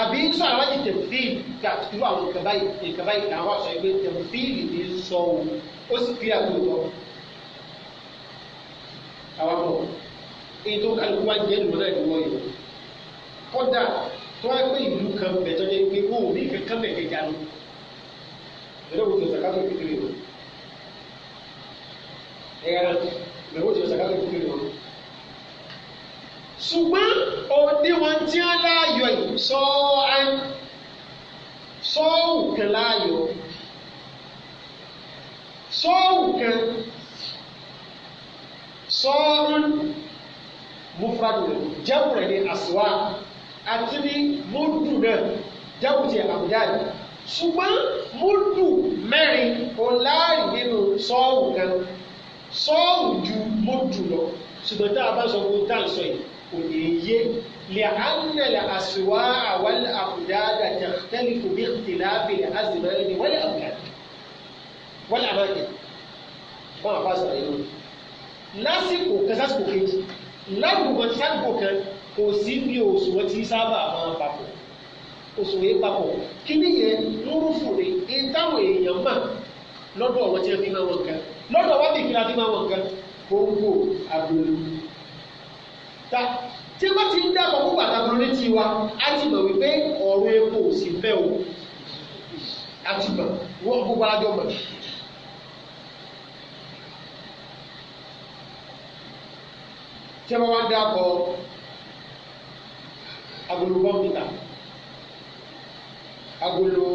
àbí ń sọ aláwájú tẹ̀wùfíìlì gà irú àwọn ìkàbáyìí ìkàbáyìí làwọn àṣọ ẹgbẹ́ tẹ̀wùfíìlì ni ń sọ òun ó sì fi àgbò lọ àwọn bọ̀ èyí tó kálukú wá jẹ́ ìlú náà ìwọ yìí kọ́dà tó wá pé ìlú kan bẹ̀ tọ́jú pé wò ní kankan bẹ̀ kẹjà lọ ẹ̀rọ wo ti sàkátó kékeré lọ ẹ̀rọ ẹ̀rọ wo ti sàkátó kékeré lọ. ṣùgbọ́n òde wọn tí wọ́n láàyò ìsọ̀ọ́ jáwù rẹ̀ ní àsùwà àti ní múdù náà jáwù ti àbújá yìí ṣùgbọ́n múdù mẹ́rin ọ̀láàrí nínú sọ́ọ̀wù kan sọ́ọ̀wù ju múdù lọ ṣùgbọ́n tá a bá sọ fún tá à ń sọ yìí kò ní yé لأن الأسواع والأقداد تختلف باختلاف الأزمان والأولاد والأماكن. ما فاز عليهم. لاسكو كساسكو كيجي lágbo kan ságbo kan kò sí bí òṣùwọ̀n tí sábà máa papọ̀ òṣùwọ̀n yẹn papọ̀ kí ni yẹn lórúfù ni èyí táwọn èèyàn mọ̀ lọ́dọ̀ àwọn tí a fi máa wọn kan lọ́dọ̀ wá bìkì la fi máa wọn kan kóńgò agolo ta tí wọ́n ti ń dábọ̀ fún pàtàkì létí wa á ti mọ̀ wípé ọ̀rọ̀ epo ò sí bẹ́ẹ̀ o á ti mọ̀ wọ́n gbogbo àjọ tí wọ́n wá dákọ̀ agolo bọ́ǹbìtà agolo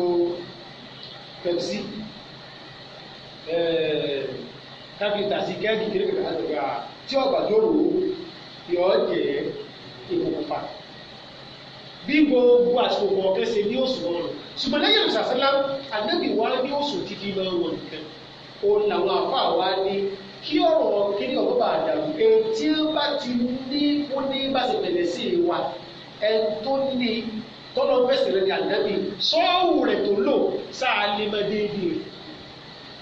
pepsi káfíńtà sí kẹ́ẹ̀kì kéré kéré àtẹ̀gbà tí ọ̀gbà tó rò ó yọ ọ́ jẹ́ ìkòkò pa bí gbogbo àsìkò kọ̀ọ̀kan ṣe ní oṣù wọn ṣùgbọ́n lẹ́yìn ìṣàṣẹ́lá àdébìwá ní oṣù títí máa nìkan òun làwọn àfáà wá ní kí ọ̀rọ̀ kíní ọ̀rọ̀ bá dàrú ẹni tí ó bá ti ní ó ní bá ṣe bẹ̀rẹ̀ sí i wa ẹni tó ní tọ́lọ́ fẹsẹ̀ rẹ̀ ní ànábì sọ́ọ̀wù rẹ̀ tó lò sáàlìmọ̀ déédéé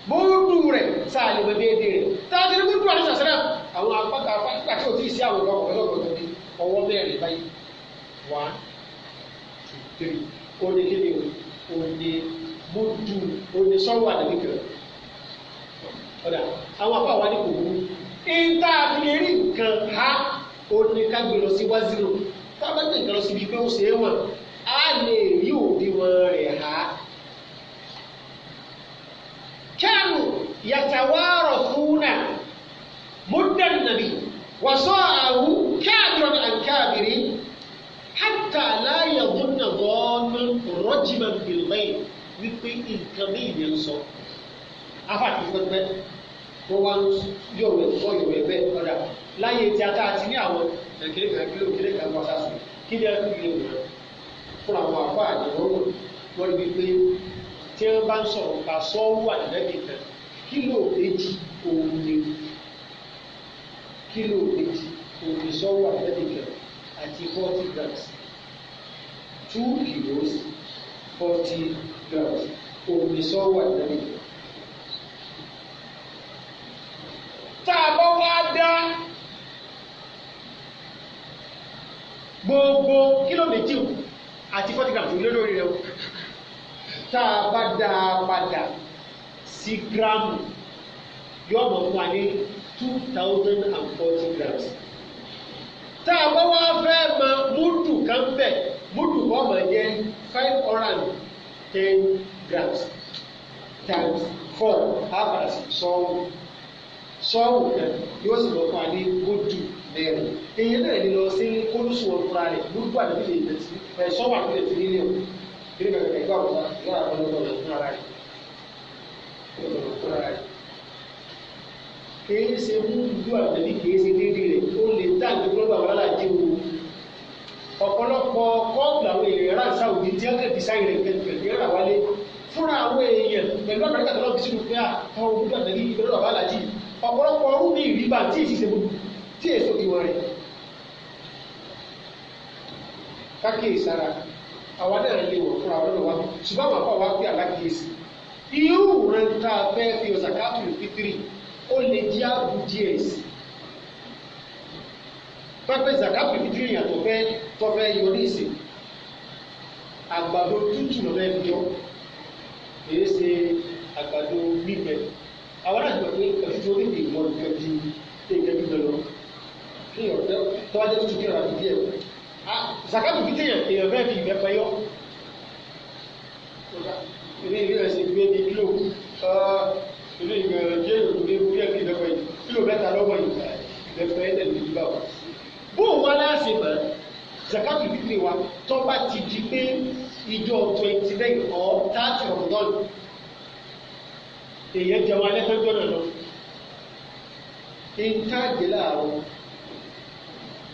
bóódù rẹ̀ sáàlìmọ̀ déédéé táàtì ní bóódù àti sàṣẹ́rẹ́ àwọn apáta apáta tí ò tí ì sí àwọn ọkọ̀ ọlọ́kọ̀ tó ní ọwọ́ mẹ́rin báyìí one two three ó ní kíni ó ní bóódù ó ní sọ́ọ̀wù àdàbí kẹrẹ́. ọ̀dà àwọn apá wa ní kò wú ìta àfihàn nǹkan ha oníkágbé lọ sí wázìrò tábàgbé nǹkan lọ sí ibi pé ó ṣe é wọ̀n á lè rí òdiwọ̀n rẹ̀ ha. kánù yàtàwárọ̀ fúnà muddan nàbì wàsọ́ọ̀hù káàdùn àǹkàbìrì hátà láyà gbọ́nà gọ́ọ̀nù rọ́jìmọ̀ bìlmẹ́yì wípé nǹkan mí ìyẹn sọ afáàkì gbẹgbẹ. wọ́n wá ń yọ̀wẹ̀ bọ́ yọ̀wẹ̀ bẹ́ẹ̀ ọ̀dà láyé tí a tá a ti ní àwọn kékeré kan kílò kékeré kan wọ́n sá sùn kí ni a ti lè wọ̀ fún àwọn àbá àdéhùn wọ́n rí pé tí wọ́n bá ń sọ̀rọ̀ ká sọ́ọ́wù àdébì kan kílò èjì òun ni kílò èjì òun ni sọ́ọ́wù àdébì kan àti forty grams two kilos forty grams òun ni sọ́ọ́wù àdébì kan. tá a bá wá dá gbogbo kílómítì àti fọ́tígàm tó lé lórí rẹ̀ tá a bá dá a padà sí gíráàmù yóò mọ̀ fún wa ní two thousand and forty grams tá a bá wá fẹ́ mọ múdù kan bẹ̀ múdù kọ́ mọ̀ jẹ́ five hundred and ten grams times four hours. padà sí sọ́ọ̀wù kan yóò sì lọ́ọ́ fún wa ní gúdù mẹ́rin èyí náà ni lọ sí kólúsù ọ̀fúnra rẹ̀ gbogbo àdúgbò ìlẹ̀ tí ẹ̀ sọ́ọ̀wù àdúgbò ìlẹ̀ tí nílé o kí ni bẹ̀rẹ̀ ẹ̀gbà wọn yóò àwọn ọlọ́dọ̀ fúnra rẹ̀ fúnra rẹ̀ kìí ṣe mú ìlú àgbẹ̀bí kìí ṣe déédéé rẹ̀ ó lè dá ìgbẹ́gbọ́gbà wọn láàjẹ́ wo ọ̀pọ̀lọpọ̀ kọ́ọ̀bù làwọn èèyàn rà sáwùdí tí wọ́n kẹ́ẹ̀dì sáyẹn rẹ̀ kẹ́ẹ̀dì rà wálé fúnra àwọn èèyàn pẹ̀lú àbẹ̀rẹ̀ kàtàlọ́ọ̀bì sínú pé ah, ọ̀pọ̀lọpọ̀ ọrú ní ìrìbà tí èsì ṣe gbogbo tí èso ìwọ̀n rẹ̀ kákìí sára àwa náà lè wọ̀ fúnra wọn lọ́wọ́ ṣùgbọ́n àwọn àpá wa pé alákìísí irú rẹ̀ tá a fẹ́ fi ọ̀sàkátù fitiri ó lè jẹ́ àbù díẹ̀ sí pẹ́pẹ́ zakatu fitiri èèyàn fẹ́ tó yọ ní ìsìn àgbàdo tútù lọ́fẹ́ fi yọ kìí ṣe àgbàdo gbígbẹ àwọn jẹ́ kó tukẹ́ àti díẹ̀ ah, zakatu bí téèyàn èèyàn fẹ́ fi ìgbẹ́ pẹ́yọ́ ilé ìlú rẹ̀ sì gbé ní kílò ah, ilé ìgbẹ́ jẹ́ ìròyìn orí ẹ̀kí lọ́wọ́ yìí kílò mẹ́ta lọ́wọ́ yìí ìgbẹ́ pẹ́yẹ́ tẹ̀lé ìgbà wọn. bó wa láàṣẹ mọ́ zakatu bí téèyàn wa tó ti di pé ìjọ twenty nine or thirty Ramadan èèyàn jẹun alẹ́ tó jọ̀nà lọ. ìta jẹ́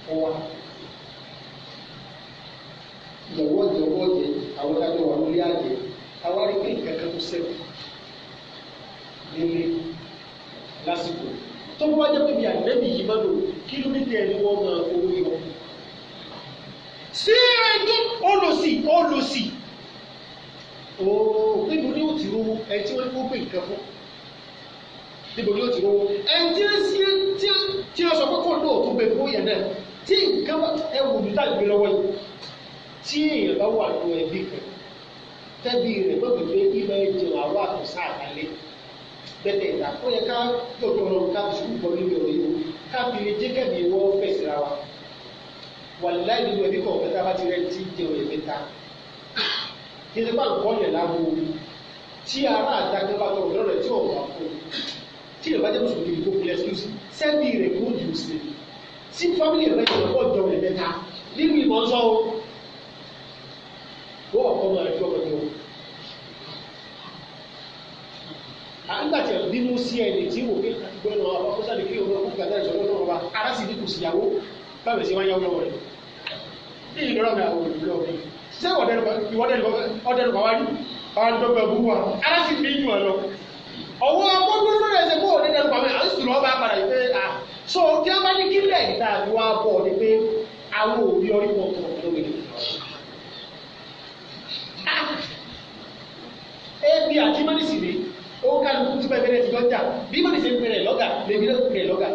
porra. gbé lọ́wọ́ yìí tí èèyàn bá wà nù ẹbí kan tẹ́bí rẹ̀ gbọ́dọ̀ pé ibà ẹ̀jẹ̀ wà wà tó sáàkálẹ̀ bẹ́tẹ̀ ìta ó yẹ ká lọ́dọ̀ ọ̀rọ̀ ká fi sùkúù bọ̀ níbi ọ̀rọ̀ yìí ká fi lè jẹ́ kẹ́mi wọ́ fẹ̀sì ra wa wà láì nínú ẹbí kan ọ̀fẹ́ tá a bá ti rẹ̀ ti jẹ ọ̀rẹ́ mi ta kí ni bá ń kọ́ yẹn láwo tí ara àdáké bá tọrọ lọ́rẹ̀ tí ọ̀rọ̀ wà fún tí ìrọ̀bájẹ́ mùsùlùmí kò kúlẹ̀ sí sẹ́bí rẹ̀ kó jù sí tí fámìlì rẹ̀ yọ̀ níbi ìmọ̀ sọ o wọ́n ọ̀kọ́ máa rẹ̀ fún ọmọdé o. ń gbàtẹ̀ bínú sí ẹni tí wò pé àtìgbọ́n náà ọkọ̀ kí òun ọkọ̀ gbàdá ìṣòro náà wá ara sì dínkù síyàwó báwo sì wáyà ọlọ́wọ́ rẹ̀ ní ìlọ́rọ̀ mi àwọn olùdó rẹ̀ ṣé ọ̀dẹ́nu bá wá rí àwọn àdúgbò wa ara sì bí jù lọ ọwọ́ ọgbọ́n lórí ẹsẹ̀ kó àwọn òbí ọrí wọn kọ̀ tó lè. Ah! ebi àti mọ́nìsì ni ó kálukú tí bẹ́ẹ̀ bẹ́ẹ̀ ti lọ́jà bí mọ́nìsì ń bẹ̀rẹ̀ lọ́gà lèmi náà ń bẹ̀rẹ̀ lọ́gà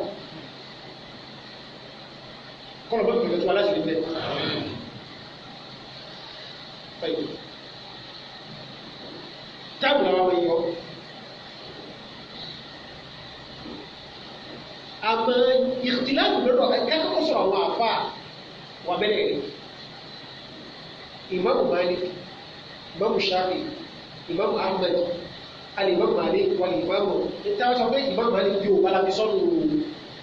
kọlọ bẹ́ẹ̀ bẹ̀rẹ̀ tó aláṣẹ nílẹ̀. táàbù làwọn ọmọ yọ. àmọ́ ìtìláàbù lọ́dọ̀ ẹ̀ kẹ́kọ̀ọ́ sọ̀rọ̀ àwọn àfáà wọn abẹ́lẹ̀ rí ìmáàmù Malik ìmáàmù Shafi ìmáàmù Ahmed alimami Malik wàlìmáàmù ìtawọ́sọ pé ìmáàmù Malik yóò bá lafi sọ́nù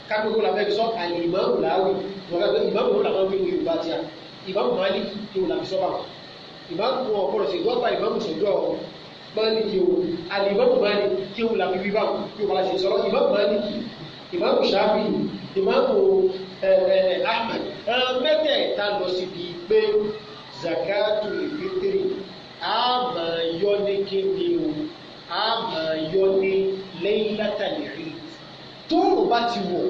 kápẹ́kọ́ lafi fi sọ́ alimami làwì lọ́gbẹ́ ìmáàmù yóò làwọn fi wọ Yorùbá tíya ìmáàmù Malik yóò lafi sọ́ báwọn wọn kọ̀rọ̀ sí dọ́gba ìmáàmù sọ̀dọ̀ Malik yóò alimami Malik yóò lafi wí báwọn yóò bá lafi sọ́rọ̀ ìmáàmù Malik ìmáàmù Shafi ìmáàmù eh, eh, Ahmed ẹran mẹ́tẹ̀ẹ̀ta lọ síbi pé zakatu ìfitiri a máa yọ ní kíni o a máa yọ ní lẹ́yìn látàlẹ́ rí tóòrùn bá ti wọ̀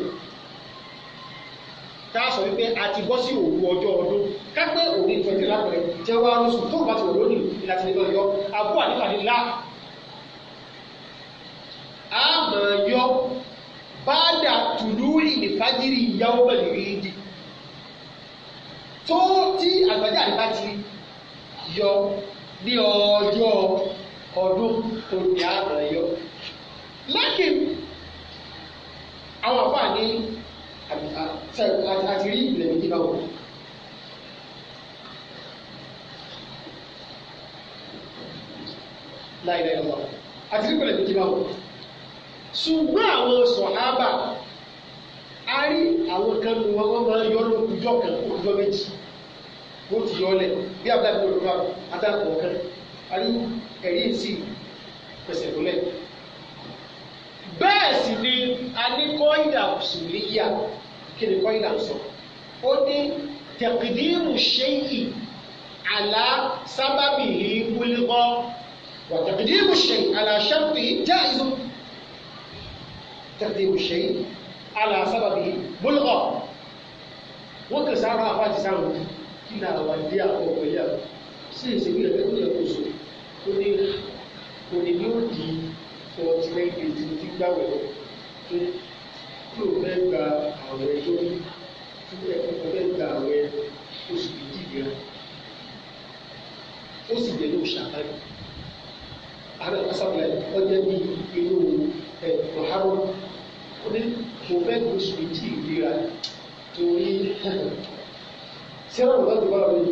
tá a sọ wípé a ti bọ́ sí òru ọjọ́ ọdún kápẹ́ òní twenty lápẹ̀rẹ̀ jẹ́ wá lóṣù tóòrùn bá ti wọ̀ lónìí láti lè lọ yọ abú àdìpàdé lá a máa yọ bá dà tùlúrì ìfájìrì ìyàwó pẹ̀lú ìdí tó tí àgbàjáde bá ti yọ ní ọjọ́ ọdún tó ní àná yọ. lẹ́kìn àwọn àbá ní àti rí ìpìlẹ̀ méjì báwo. láìláì lọ́wọ́ àti rí ìpìlẹ̀ méjì báwo. ṣùgbọ́n àwọn sọ̀hábà a rí àwọn kan ní wọn wọ́n máa ń yọ lókùjọ́ kan kó jọ méjì bó ti yọ ọlẹ̀ bí abúlé kò lóra adáàbò ọ̀kan àrí ẹ̀rí sí pẹ̀sẹ̀ lólẹ̀. bẹ́ẹ̀ sì ni a ní kọ́ńdà sùnìyà kí ni kọ́ńdà sọ ó ní tẹ̀kídìmù ṣéyì àlá sábàbí wíwọ́ wà tẹ̀kídìmù ṣéyì àlá ṣẹ́pì jáìzù tẹ̀kídìmù ṣéyì àlá sábàbí wíwọ́ wọ́n kì í sára àfáàjì sáwọn òbí tunawaambia wakoja sisi vile tunakuja kuhusu kuni kuni nyingi forty nine days ní gbígbà wẹ̀wẹ̀ tó tó fẹ́ gba àwẹ̀ tó tó fẹ́ tó fẹ́ gba àwẹ̀ oṣù méjì gan ó sì jẹ́ lóò ṣàbáyé àrẹ asàbẹ̀ ọjọ́ bí inú ẹ̀ ọ̀hárọ̀ ó ní mo fẹ́ sẹ́wọ̀n nǹkan tó wà lóyún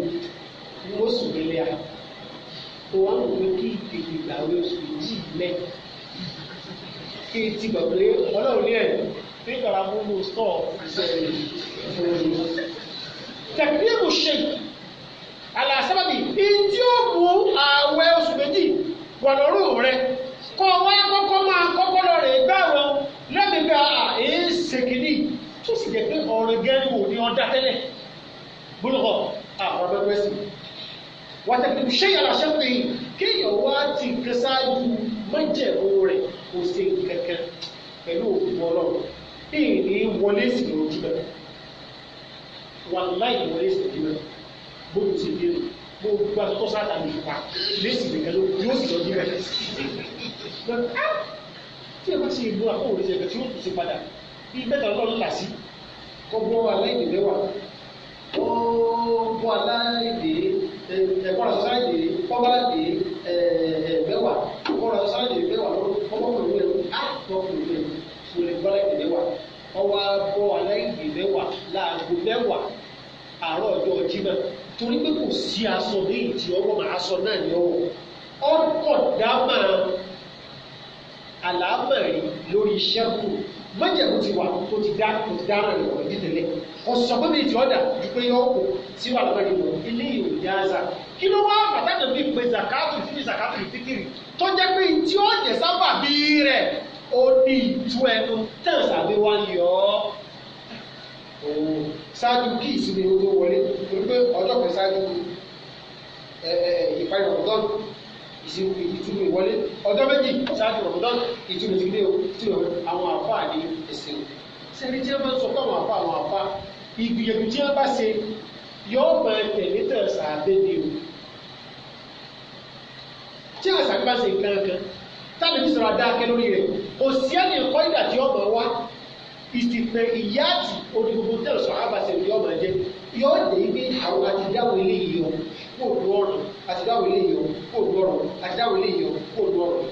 ni wọ́n sùn nílé a kò wá wò pé kí ìtètè gbà wé oṣù méjì mẹ́ kí ti gbà pé ọlọ́run ní ẹ̀ pé kàrà mú mú sọ̀ tẹ̀kílẹ̀ kò ṣe alásábàbí ìdí ó mú ààwẹ̀ oṣù méjì wà lọ́rùn rẹ kọ́ wá kọ́kọ́ máa kọ́kọ́ lọ rè gbà wọn lẹ́mìí bá a ah, èé ṣèkìlì tó sì jẹ́ pé ọ̀rọ̀ gẹ́rù ò ní ọ̀dá tẹ́lẹ̀ búlùkọ̀ àwọn ọ̀dọ́gbẹ́ sí wàtàkì ṣé yàrá ṣẹ́kù yìí kéèyàn wá ti nǹkan ṣáájú mọ́jẹ̀mú rẹ̀ kò ṣe kankan pẹ̀lú òkú ọlọ́run èyí wọlé sí ní ojú bẹ́ẹ̀ láì wọlé sí ní bẹ́ẹ̀ bóyá ti dé bó gba tó sáà ní ipa lẹ́sì nìkan ló yóò sì lọ bí bẹ́ẹ̀ tí ẹ bá ṣe ìlú àkóhùn rẹ̀ tí ó tún ṣe padà bí bẹ́ẹ̀ tà là sí kọ́gbọ́n aláìní mẹ́wàá ó fún aláìdè ẹ̀kọ́ra sáìdè kọ́bálàdè ẹ̀ẹ́dẹ́wà kọ́ra sáìdè ẹ̀ẹ́dẹ́wà ọmọkùnrin rẹ̀ á tọkùnrin rẹ̀ sọ̀rọ̀ kọ́láìdè lẹ́wà ọwọ́ abọ́ aláìdè lẹ́wà láago lẹ́wà àárọ̀ ọjọ́ jimá torí pé kò sí aṣọ méjì tí ọwọ́ máa aṣọ náà ní ọwọ́ ọkọ̀ dá máa àlàámọ̀ rí lórí iṣẹ́ kù mọ́jẹ̀mú ti wà tó ti dá tó ti dára ní ọ̀rọ̀ ìdílé ọ̀sọ̀ pé bíi ti ọ̀dà ju pé yọ kó sí wà lọ́wọ́ ìbò ilé ìwò ní àzà kí ló wá pàtàkì bíi pé zakatu fífi zakatu fíkiri tó jẹ́ pé tí ó jẹ sábà bí rẹ̀ ó ní ìtú ẹnu tẹ̀ sàbí wá ń ọ́ ṣáájú kí ìsinmi ó wọlé torí pé ọjọ́ kan ṣáájú ìparí ọ̀dọ́dún ìtumọ̀ ìwọlé ọjọ́ méjì ṣáájú ọ̀dọ́ ìtumọ̀ ti dé o ìtumọ̀ àwọn àfa ní ẹsẹ̀ o sẹ́ni tí wọ́n bá sọ fún àwọn àfa àwọn àfa ìgbìyànjú tí wọ́n bá ṣe yóò máa tẹ̀lé tẹ̀sà àbẹ́ni o tí àṣà bá ṣe kankan tábìlì ti sọ̀rọ̀ adáké lórí rẹ̀ kò sí ẹni ẹ̀kọ́ ìdàtí ọmọ wa ìsìnkú ìyá àti odigbogbo tẹ̀sán àbàṣẹ̀ ìdí ọmọ jẹ́ yóò jẹ́ ibi àwọn àtidáwò ilé yìí yọ kó o lu ọ̀rọ̀ àtidáwò ilé yọ kó o lu ọ̀rọ̀ àtidáwò ilé yọ kó o lu ọ̀rọ̀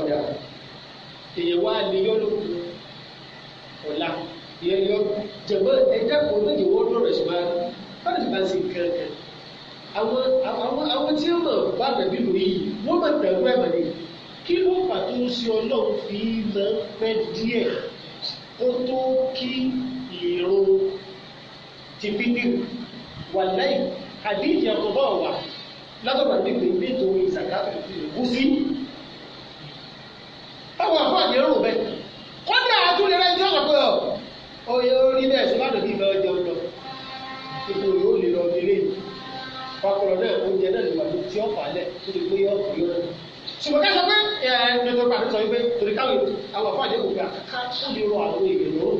ọ̀dà èèyàn wá lè yọ ló kú ọ̀la ìyẹn yọ jẹ̀mọ́ ẹ̀dá kan méjì wọ́n lọ́rọ̀ ẹ̀sùn máa báyìí ti máa ń sin nǹkan kan àwọn àwọn àwọn tí ó mọ̀ bá bẹ̀bí lò yìí wọ́n mọ̀ tẹ̀lú ẹ̀ mọ̀ ni kí ló fà tó ń ṣe ọlọ́run fi máa ń pẹ́ díẹ̀ kó tó kí ìrún ti bídíò wà lẹ́yìn àdíjì ọ̀tọ̀ bọ́ wà látọ̀bà nígbè nítorí ìsàkátò ìlú sí. Táwọn àfọ àti ẹrù bẹ kọ́dà àtúndì rẹ̀ ń tọ́ka pé ọ̀ oyè orí bẹ́ẹ̀ sí ládùn ní ìfẹ́ ọjọ́ lọ. Ipò yóò lè lọ délé yìí. Ọkùnrin náà oúnjẹ náà lè wà ní tí ọ̀fà lẹ̀ tó lè gbé yọ̀ọ̀kọ̀ yọ̀ọ̀ ṣùgbọ́n ká sọ pé ẹ̀ ẹ̀ ẹ̀ ẹ̀ ẹ̀ ẹ̀ ẹ̀ ẹ̀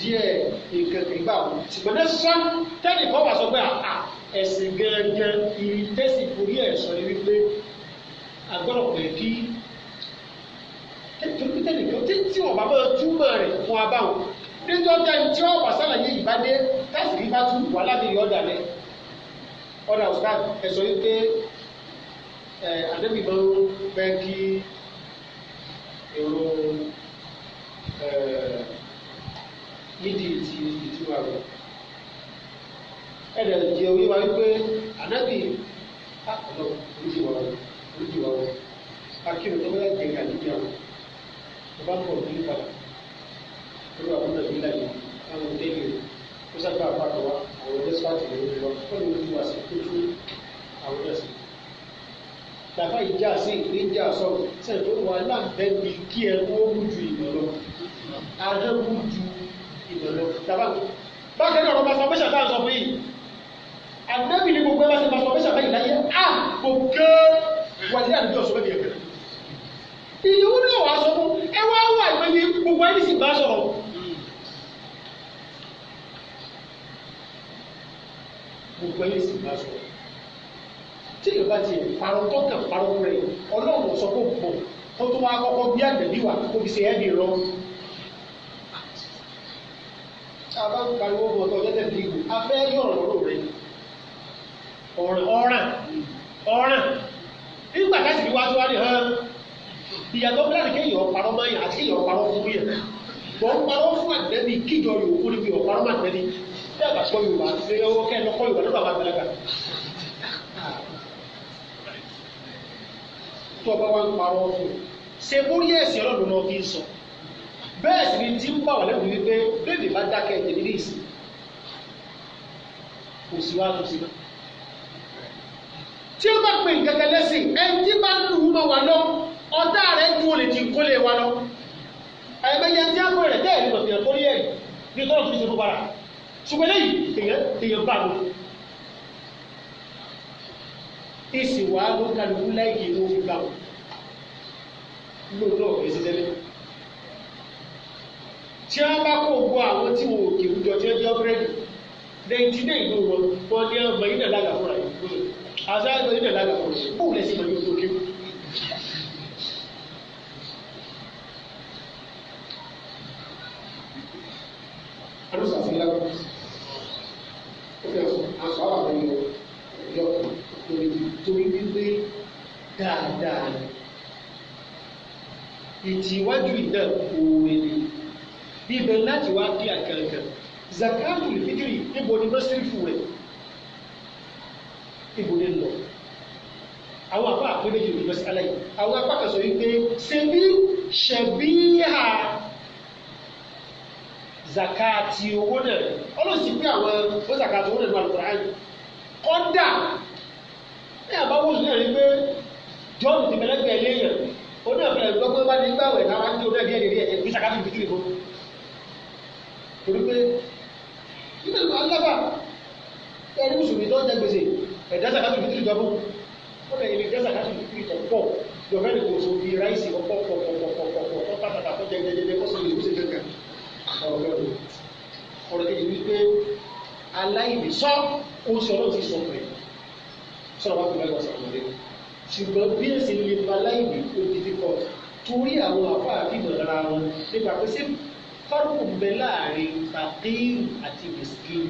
díẹ̀ nǹkan gbà wọ́n ṣùgbọ́n ní sọ́n tẹ́lẹ̀ kọ́ wà sọ pé àà ah, ẹ̀sìn gẹ́gẹ́ ìrìn tẹ́sí torí ẹ̀ sọ ni wípé agbọ́dọ̀ pẹ̀ kí tẹ́lẹ̀ kọ́ tí wọ́n bá bọ́ túmọ̀ rẹ̀ fún wa báwọn níjọ́ tẹ́ni tí wọ́n wà sálàyé ìbádé tẹ́sí rí bá tún wà láti yọ̀ ọ̀dà rẹ̀ ọ̀dà ọ̀sán ẹ̀sọ́ yìí pé àdébìbọn fẹ́ kí èrò nídìí ti ìtura rẹ̀ ẹ̀rẹ̀ jẹ́ orí wa wípé ànábì àkọ́lọ́ oríṣiwọ̀ oríṣiwọ̀ akíwò tó bá jẹ kàdíjà wọn tó bá pọ̀ ní ìpadà lórí àwọn ọ̀nà ìbílẹ̀ yìí àwọn ìdẹ́gbẹ̀ ó sábà àpapọ̀ wa àwọn ẹ̀dẹ́sọ́ọ̀tì lórí wa kọ́ni ojú wa sí kójú àwọn ẹ̀sìn tàbá ìjà sí ìpínjà sọ sẹ́yìn tó wà láǹbẹ̀ẹ́bí kí ẹ wọ́n mú ju ìmọ̀ lọ adẹ́kùn ju lọ tàbáwò bákan náà ọ̀rọ̀ masturbation táà ń sọ fún yìí àdébì ní gbogbo ẹ bá ṣe masturbation báyìí láyé á gbogbo wà ní àdúgbò ọ̀sọ́ bẹ́ẹ̀ bẹ̀rẹ̀ ìyẹ̀wò náà wà sọ fún ẹ wá wà ìpẹ́yẹ gbogbo ẹni sì bá sọ̀rọ̀ gbogbo ẹni sì bá sọ̀rọ̀ tí ìlú bá ti parun tó kàn parun rẹ̀ ọlọ́run sọ fún bọ̀ kó tó wá kọ́kọ́ bí àgbẹ̀bí wà kó fi ṣe ẹ́ tá a bá ń pariwo bọ̀ tó ọjọ́ tẹ̀lé ìgbò a fẹ́ yọ̀rọ̀ lọ́rọ̀ rẹ ọ̀ràn ọ̀ràn nígbà táti fi wá tó wá ní hàn ìyàtọ̀ bíláàdì kéèyàn ọ̀parọ́ máa yàn àti kéèyàn ọ̀parọ́ fún yẹn wọ́n parọ́ fún àtẹ́bí kíjọ yòókù níbi ọ̀parọ́ máa tẹ́lẹ̀ bí àbàṣọ Yorùbá ṣe ọwọ́ kẹ́ ẹ̀ lọ́kọ́ Yorùbá lọ́dọ̀ àwọn àgbàlagbà tó ọba wa bẹ́ẹ̀ sì ni tí ń bà wà lẹ́nu wípé bébì bá dákẹ́ tèmi ní ìsìn kò sí wá tó sí náà. tí ó bá pè gẹ́gẹ́ lẹ́sìn ẹni tí bá ń lùú mọ́ wa lọ ọ̀tá rẹ̀ ju olè ti kólé wa lọ. ẹ̀mẹ́yẹ tí a ń pè rẹ̀ bẹ́ẹ̀ ni bàbá tó rí ẹ̀rí ní tọ́lọ̀ tó ti fún para ṣùgbọ́n lẹ́yìn èèyàn bá lọ. ìsìn wàá ló kálukú láì kì í ló fi gbà wọn lóòótọ́ èsì tẹ́lẹ̀ tí wọ́n bá kó gbọ́ àwọn tí wọ́n òkè òjò tí wọ́n jẹ́ ọ́bẹ̀rẹ̀dì lẹ́yìn tí ìlú wọn wọn ní ọmọ yìí náà lága fúnra yìí àṣà ìlú yìí náà lága fúnra yìí bóun lẹ́sìn mọ̀ yóò tókè. arúgbó àfúnlá ó fẹ́ fún aṣọ àwọn àwọn ẹ̀yọ ẹ̀yọ ìdá òwe nìyí ibẹ̀ láti wá kí àkànkàn zakatul fitiri ibo ni mọ́sírífù rẹ̀ ibo ni lọ àwọn apá àpẹẹrẹ méjì ló mọ́sí aláì àwọn apá kan sọ wípé ṣe bí ṣẹ̀bíyà zakati owó náà ọlọ́sìn pé àwọn ó zakati owó náà ló wà lọ́kọ̀ọ́ ayé kọ́dà ní àbáwọ̀ sí náà ni pé john ti mẹ́lẹ́gbẹ̀ẹ́ léèyàn ó náà fẹ́ẹ́ gbọ́ pé wọ́n bá ní gbàwẹ̀ náà wá ní ọdún ẹ̀dí ẹ̀dí ẹ̀dí ẹ̀dí torí pé nígbà tó alábà ẹni mùsùlùmí tó ń jẹ gbèsè ẹ̀dá sàkátù fitiri jọ fún ó lè ilé dẹ́sà láti fitiri jọ pọ̀ jọ̀fẹ́ ni kò so fi ráìsì ọ̀pọ̀ pọ̀pọ̀pọ̀pọ̀ tó pàtàkì àtọ́jẹ jẹjẹrẹ kó sì lè ṣe kankan ọ̀rọ̀ kejì wípé aláìní sọ ó sọ ló ti sọ pẹ̀lú sọ̀rọ̀ bá gbọ́dọ̀ lọ́sọ̀ ọ̀rẹ́ ṣùgbọ́n bí èsì lè fa aláìní ó ti fi kọ́ torí àwọn àfáà fìmọ̀ lára wọn nípa pé sí fọ́rùkù ń bẹ láàrin fàkíìrù àti mìsíkìrì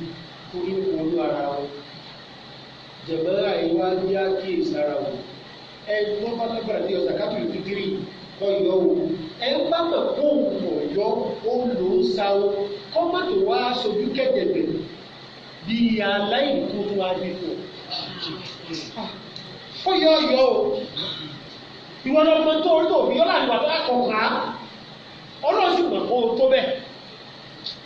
torí wọlú ara wọn jẹ̀bẹ́rà ìwá bí á kí ìsára wọn ẹ wọ́n bá fẹ́ bẹ̀rẹ̀ sí ọ̀sà kápẹ́lú fífírì kọyọ o ẹ ń bá mọ̀ kó ọ̀yọ́ ó lò ó sa o kọ́ má tó wá aṣojú kẹ̀dẹ̀gbẹ̀ bí aláìkú tó wá bí yọ ọyọ o tó orí tó òbí yọ láàrin wà lákọ̀ọ́ká ọlọ́run sì mọ̀ kó o tó bẹ́ẹ̀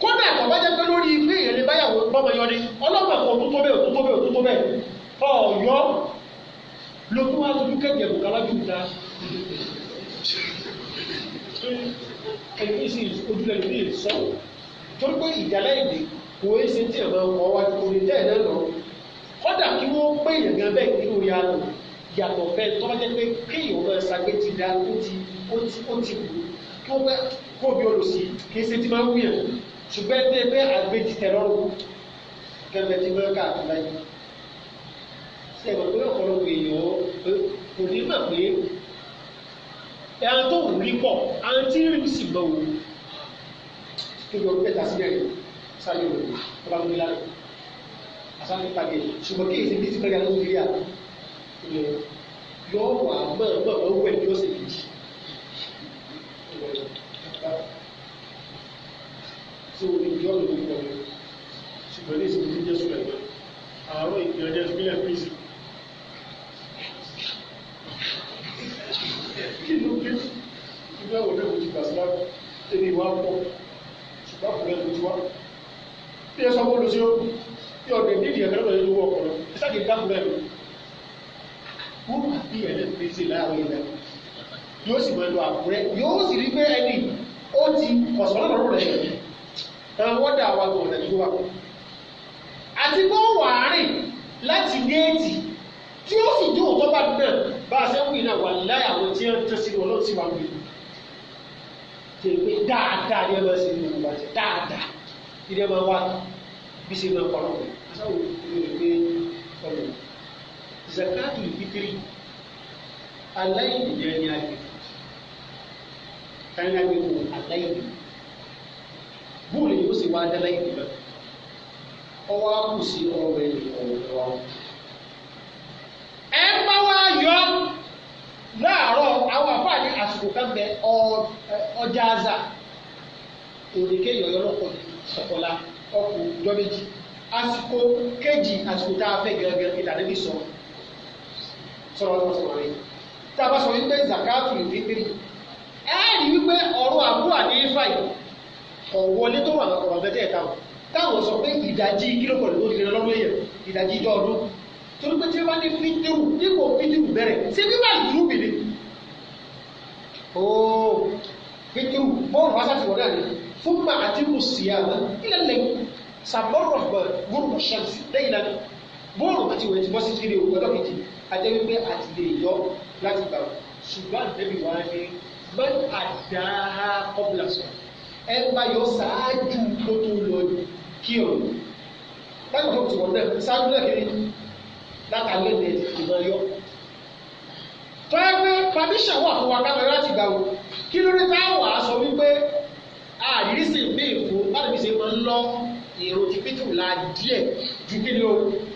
kódà kò bá jẹ́ pé lórí ilé ìrẹ̀lẹ̀ báyàwó bọ́mọ yọ ni ọlọ́mọ kò tó tó bẹ́ẹ̀ tó tó bẹ́ẹ̀ tó tó bẹ́ẹ̀ ọ̀yọ́ lókun wá lójú kẹ̀kẹ́ kò kálájú ta ẹni sì ojúlẹ̀ ní ìsọ torí pé ìjàlẹ̀ èdè kò é ṣe tí ẹ̀mọ ọkọ̀ wa kò lè jẹ́ ẹ̀dá lọ kódà kí wọ́n pé èèyàn bẹ́ẹ̀ nínú ya lọ yàtọ̀ fẹ́ tọ́jẹ́ pé kéèyàn máa ṣàgbéjì dá ó ti ó ti ó kó bí olùsí kì í ṣe tí máa ń wúyàn ṣùgbọ́n ẹgbẹ́ ẹgbẹ́ àgbèjì tẹ̀lọ́rùn gẹ́gẹ́ tí máa ń káàkiri láyé ṣe ìmọ̀ pé ọ̀pọ̀lọpọ̀ èèyàn kò ní mà pé ẹ̀hán tó wù rí pọ̀ àwọn tí ń rí sì mọ̀ wò tó lọ bẹ́ẹ̀ tà sí ẹ̀rìn sáyé òwò tó bá ń gbé lálẹ́ àsáyé pàdé ṣùgbọ́n kí èsì bí ti pẹ́ẹ́rẹ́ lọ́sọ̀rọ̀ yóò together. So we join the people. She religious well. Àárọ̀ ìpìlẹ̀ jẹ́ ìpínlẹ̀ Pisa. Kí ló dé? Ìgbà wo lè kojú Gàsílá? Ebi wa pọ̀. Ṣùgbọ́n kò lè kojú wa. Bí ẹ sọ fún olùsí ó, bí ọ̀dẹ̀ nídìí ẹ̀fẹ́ lọ́dọ̀ yóò wọ ọkọ̀ lọ. Ìsáàkì dákùnrin yóò sì mọ ẹnu àkúrẹ́ yóò sì rí pé ẹni ó ti kọ̀sọ̀ lọ́nà ọ̀rọ̀ rẹ̀ ẹ̀rọ wọ́dà wa tó ọ̀nà ìjọba àti bó wàárín láti géètì tí ó sì jó òtọ́ bá dùn náà bá a ṣe ń wí náà wà láyà àwọn tí wọ́n tẹ́ sínú ọlọ́run sí wa wí ṣe pé dáadáa ni máa ṣe nínú ìgbà jẹ dáadáa ni ẹ máa wá bí ṣe máa kọ́nà rẹ̀ aṣáwò ìlú rẹ̀ pé ọ̀nà káyọ̀ náà nínú àdáyìí bóòlù yóò sì wá dáláyìí níbẹ̀ ọwọ́ á kù sí ọ̀rọ̀ ẹ̀ ọ̀rọ̀ wa. ẹ bá wá yọ láàárọ̀ àwọn àfáàní àsìkò kan bẹ ọjà àzà òrèké yọ̀yọ́ lọ́kọ̀ sọ̀kọ̀lá ọkọ̀ ọjọ́ méjì àsìkò kejì àsìkò tá a fẹ́ gẹ́gẹ́ ìlànà bí sọ sọ̀rọ̀ lọ́sọ̀rọ̀ rẹ̀ tá a bá sọ wípé zakatu ìdíkiri ẹ rí wípé ọ̀rọ̀ àbúrò àní fàyè ọ̀wọ́lé tó wà ọ̀rọ̀ bẹ́tẹ̀ táwọn táwọn sọ pé ìdajì kílókọ̀ ló lè lọ́rùn èèyàn ìdajì ìjọ ọdún torí pé tí wọ́n bá ní fídíò dípò fídíò bẹ̀rẹ̀ ṣé bíbá ìdúró bìlẹ̀ ooo fídíò bọ́ọ̀rù asáfihàn náà ni fún mà àti mùsíàmà ilẹ̀ lẹ́yìn sàbọ̀rọ̀ àgbà gbọ́dọ̀ ṣẹ́ǹsì lẹ́yìn náà bọ́ọ̀rù àti ìwé ti bọ́ sí fídíò ọjọ́ kejì àjẹ́ wípé àti lè yọ láti gbà ṣùgbọ́n àtẹ́bí wọn á fi man àdáhà kọ́bùlà sọ ẹ ń bá yọ ṣáájú kó tó lọ kí o láti tó tìwọ̀n náà ṣáájú náà kiri látàlẹ́ ní ìmọ̀ yọ. tọ́lẹ́pẹ́ pàmíṣà wà fún wa kámẹ́rà láti gbà wò kí ló dé táwọn àá sọ wípé àrísì ní ìfún láti fi ṣe máa ń lọ èrò ti pítù la díẹ̀ ju kí ni o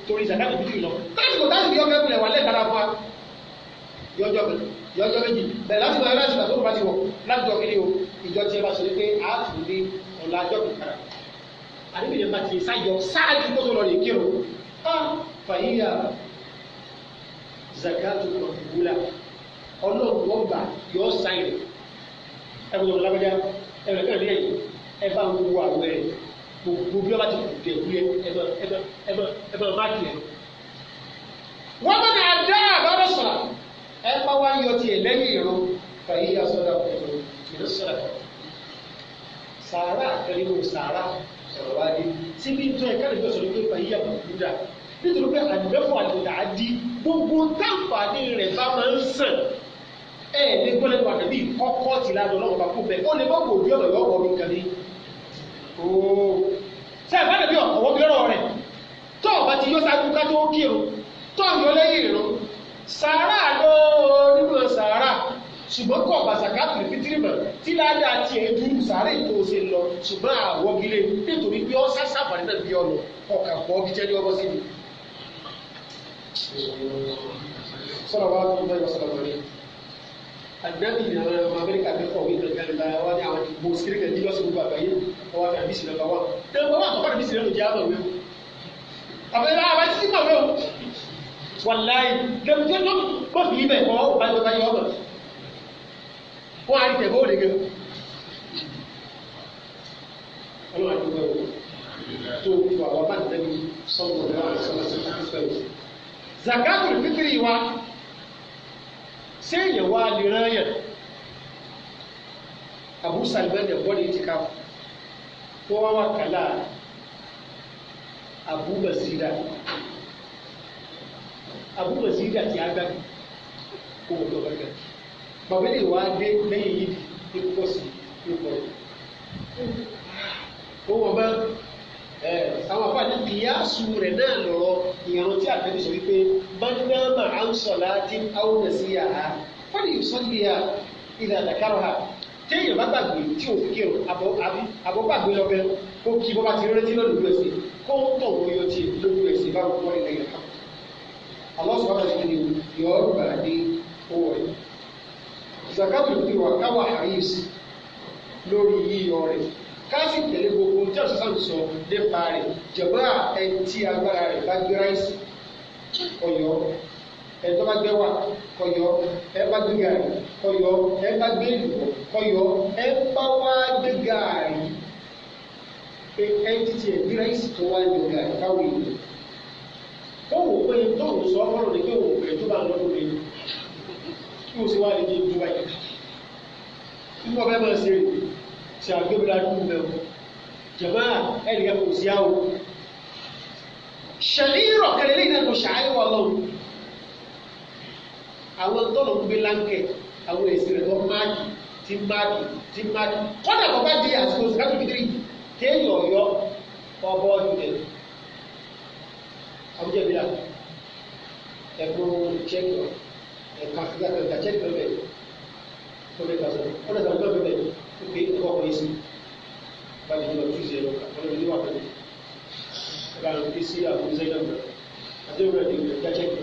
torí ìsàkáàtì pítù lọ. táàtì kò táàtì bí ọkọ̀ ẹ̀kúnlẹ̀ wà lẹ́ẹ̀kára fún wa yọjọ́ kan yọjọ́ méjì bẹ̀rẹ̀ láti wọ̀ láti ìgbàgbọ́ bá ti wọ̀ láti jọ kiri o ìjọ tí ẹ bá ṣe pé a tù ní ọ̀la ajọ́ kankan àdébí yẹn bá ti sáyọ sáájú kó tó lọ lè kírun a fàyíyà zakatu kọ̀ọ̀kúlà ọlọ́ọ̀dù ọgbà yọ sáyẹn ẹ̀wọ̀n ọ̀la bẹ́ẹ̀ ẹ̀rẹ̀ kẹ́rẹ̀ lẹ́yìn ẹ bá ń wo àwẹ̀ rẹ̀ gbogbo bí wọ́n bá ti kù dé wúlé ẹ bá máàkì ẹ̀. wọ́n bá ní adá àbábọ̀ sọ̀rọ̀ ẹ bá wá yọ tiẹ̀ lẹ́yìn ìró fàyè àsọdà pẹ̀lú ìlú sọ̀rọ̀ sàárà pẹ̀lú sàárà sọ̀rọ̀ wá dé síbi tó ẹ̀ káàdì tó sọ̀rọ̀ pé fàyè àbùkúdà nítorí pé àdìmẹ́fọ̀ àdìmẹ́fọ̀ àdì gbogbo táǹfààní rẹ̀ bá máa ń sàn ẹ̀ ní gbọ́dọ̀ tó àdàbí kọ́kọ́ ti ládùn lọ́wọ́ bá kú bẹ́ẹ̀ ó lè má kò bí ọ̀rọ̀ yọ̀wọ̀ mi kàn ní. sẹ́ẹ̀ bá dàbí ọ̀wọ́ bí ọ̀rọ̀ rẹ̀ tó o bá ti yọ sáájú ká tó kírun tó o lẹ́yìn ìrún sàárà ló nínú sàárà ṣùgbọ́n kọ̀ pàṣàkà tó fitiri mọ̀ tí ládàá tiẹ̀ dúró sàárà ètò ṣe lọ ṣùgbọ́n àwọ̀gilé nítorí pé ọ́sá sàbàrí náà bí ọ̀nà ọ̀kà pọ̀ gíjẹ́ ní ọgbọ́n sí mi. sọ̀rọ̀ wa tó ń bẹ́ẹ̀ lọ́sọ̀rọ̀ wọlé àdìbẹ́bí ìlànà ọmọ amẹ́ríkà bí kọ̀wé ìgbàgbà wa ní àwọn ìbò síríkà ní lọ́sùn gbogbo àgbáyé ọwọ́ àti àbísí lọ́ba wa. tẹ̀wọ́n àwọn àkọ́kọ́ àbísí lẹ́nu jẹ́ àbọ̀wé o. àbẹ̀rẹ̀ àwọn àti sípàwé wàláyé lẹ́mùtẹ́tọ́ kó sì ibẹ̀ kọ́ balùwẹ̀ta yọ ọ̀bẹ̀ wọ́n á rí tẹ̀gbọ́ òde gẹ́gẹ́ ọlọ́run àti ìwé òde tó wà wà bá tẹ̀lé sọ́dọ̀ náà sọ́dọ̀ sọ́dọ̀ zakatul fitiri wa sẹ́yìn wa lè rán yẹn abu salman da gwada ya cika kowa makala abu basira àbúrò sí ìdàtí agbára kó o lọ bàgà bàbá lè wá dé lẹ́yìn yìí ní púpọ̀ sí ní pọ̀ ó wọ́n bá àwọn àfáàní kìyàsù rẹ̀ náà lọ́rọ̀ ìyàrá tí àtẹ́bí sọ wípé bánámà á ń sọ láti áwọn sí àhá fọ́nì ìsọ́lẹ̀ à ìlà àdàkárọ̀ ha téèyàn bá gbàgbé tí ò fi kírun àbọ̀ gbàgbé lọ́bẹ̀ kó kí bọ́ bá ti rántí lọ́dún ẹ̀sìn kó ń tọ̀ wọ́yọ́ tí lójú ẹ̀sìn bá wọ́n ilẹ̀ yàrá Allah subhanahu wa taala. gbà ní owó rẹ̀ zakatu ti wà káwà haris lórí yíyọ rẹ̀ káàsì tẹ̀lé gbogbo tí ọ̀sán sáà sọ nípa rẹ̀ jọba ẹni tí agbára rẹ̀ bá gbé ráìsì ọ̀yọ́ ẹ̀ tó bá gbé wà kọyọ ẹ bá gbé gàrí kọyọ ẹ bá gbé ìlú kọyọ ẹ bá wá gbé gàrí ẹ ti tiẹ̀ gbé ráìsì tó wá gbé gàrí káwé ìlú kó wò pé tó sọ fọ́nrán ni kí wò pé tó bá ń lọ́dún mi kí wò sí wá lè di ìlú wáyé kí wọ́n fẹ́ máa ṣe ṣe àgbébìlà dùn mẹ́wọ́ jẹ̀mọ́ ẹnìkan kò sí àwọ̀ ṣẹ̀lírọ̀ kẹlẹ́lẹ́ ìdá kò ṣàáyé wà lọ́wọ́ àwọn tọ́lọ̀ ń gbé láńkẹ̀ àwọn èsì rẹ̀ tó máàkì tí máàkì tí máàkì kọ́nà bàbá di àsìkò sìkàtúkìtìrì kéèyàn ọ̀yọ́ ọ̀bọ̀ Abuja bi la ẹ̀kọ́ ìṣẹ́kì ọ̀ ẹ̀ka ìgbà ìṣẹ́kì lọ́bẹ̀ lọ́bẹ̀ gbàsọ̀ ọ̀nà ìgbà lọ́bẹ̀ bẹ̀ pé ẹ̀kọ́ ọkọ̀ yìí sí báyìí ní ọdún ìṣẹ́ lọ àkọlẹ̀ ìlú wàkọ̀ ní ẹ̀ka ló fi sí àwọn ìṣẹ́ ìdàgbà àti ìwé ẹ̀dẹ̀ ìwé ẹ̀ka ìṣẹ́kì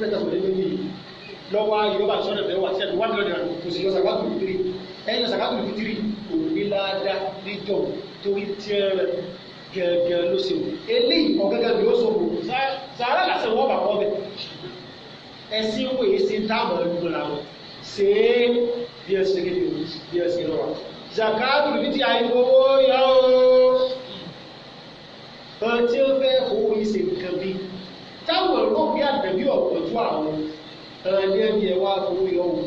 lọ́bẹ̀ ọ̀nà ìgbà lọ́bẹ̀ lọ́wọ́ yorùbá sọ́nà bẹ́ẹ̀ wà sẹ́nu wájú ọ̀dẹ̀ àti kò sí yọ sàkátù fitiri ẹ̀yìn sàkátù fitiri òun ní láàdá níjọ torí gẹ̀ẹ́gẹ̀ẹ́ ló ṣe wò eléyìí kọ́ gẹ́gẹ́ bí ó ṣe wò sàárà lásán wọ́n bà kọ́ bẹ̀ ẹ̀sìn wò yìí ṣe dáàbò ẹ̀dùn làwọn ṣe é bí ẹ ṣe kéde òun bí ẹ ṣe lọ́wọ́ zakatu bí ti àyè owó yá o ọ̀n tí ó fẹ́ owó yìí ṣe nǹkan bí táwọn ẹ̀rọ bí àdàbí ọ̀pọ̀ tó àwọn ẹ̀rọ ẹni ẹ̀ wá owó yọ o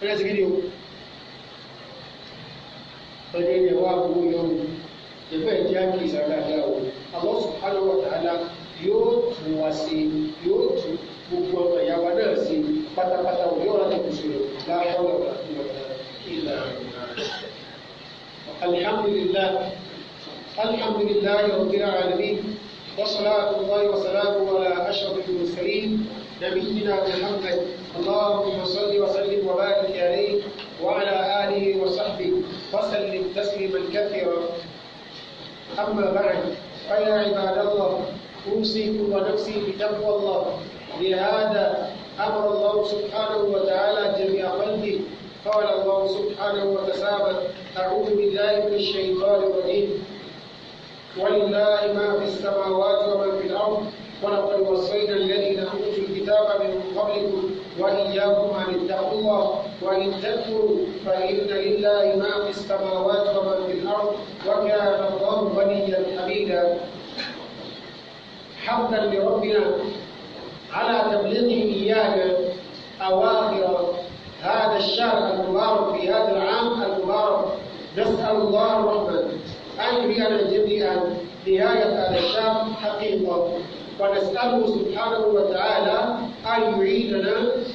ẹ̀rọ ṣe kéde ẹ̀ ìfẹ́ jẹ́ kí ìsàdáadáa o Allah subhanahu wa ta'ala yóò tún wá sí yóò tún gbogbo ọmọ ìyá wa náà sí pátápátá o yóò rántí kùsù láàárọ̀ ìlà alhamdulillah alhamdulillah rabbil alamin وصلاة الله وسلامه على أشرف المرسلين نبينا محمد اللهم صل وسلم وبارك عليه وعلى آله أما بعد فيا عباد الله أوصيكم ونفسي بتقوى الله لهذا أمر الله سبحانه وتعالى جميع خلقه قال الله سبحانه وتعالى أعوذ بالله من الشيطان الرجيم ولله ما في السماوات وما في الأرض ولقد وصينا الذين أوتوا الكتاب من قبلكم وإياكم أن اتقوا الله وإن تكفروا فإن لله ما في السماوات وما في الأرض وكان حقا لربنا على تبليغه إيانا أواخر هذا الشهر المبارك في هذا العام المبارك نسأل الله الرحمن أن يرينا جميعا نهاية هذا الشهر حقيقة ونسأله سبحانه وتعالى أن يعيننا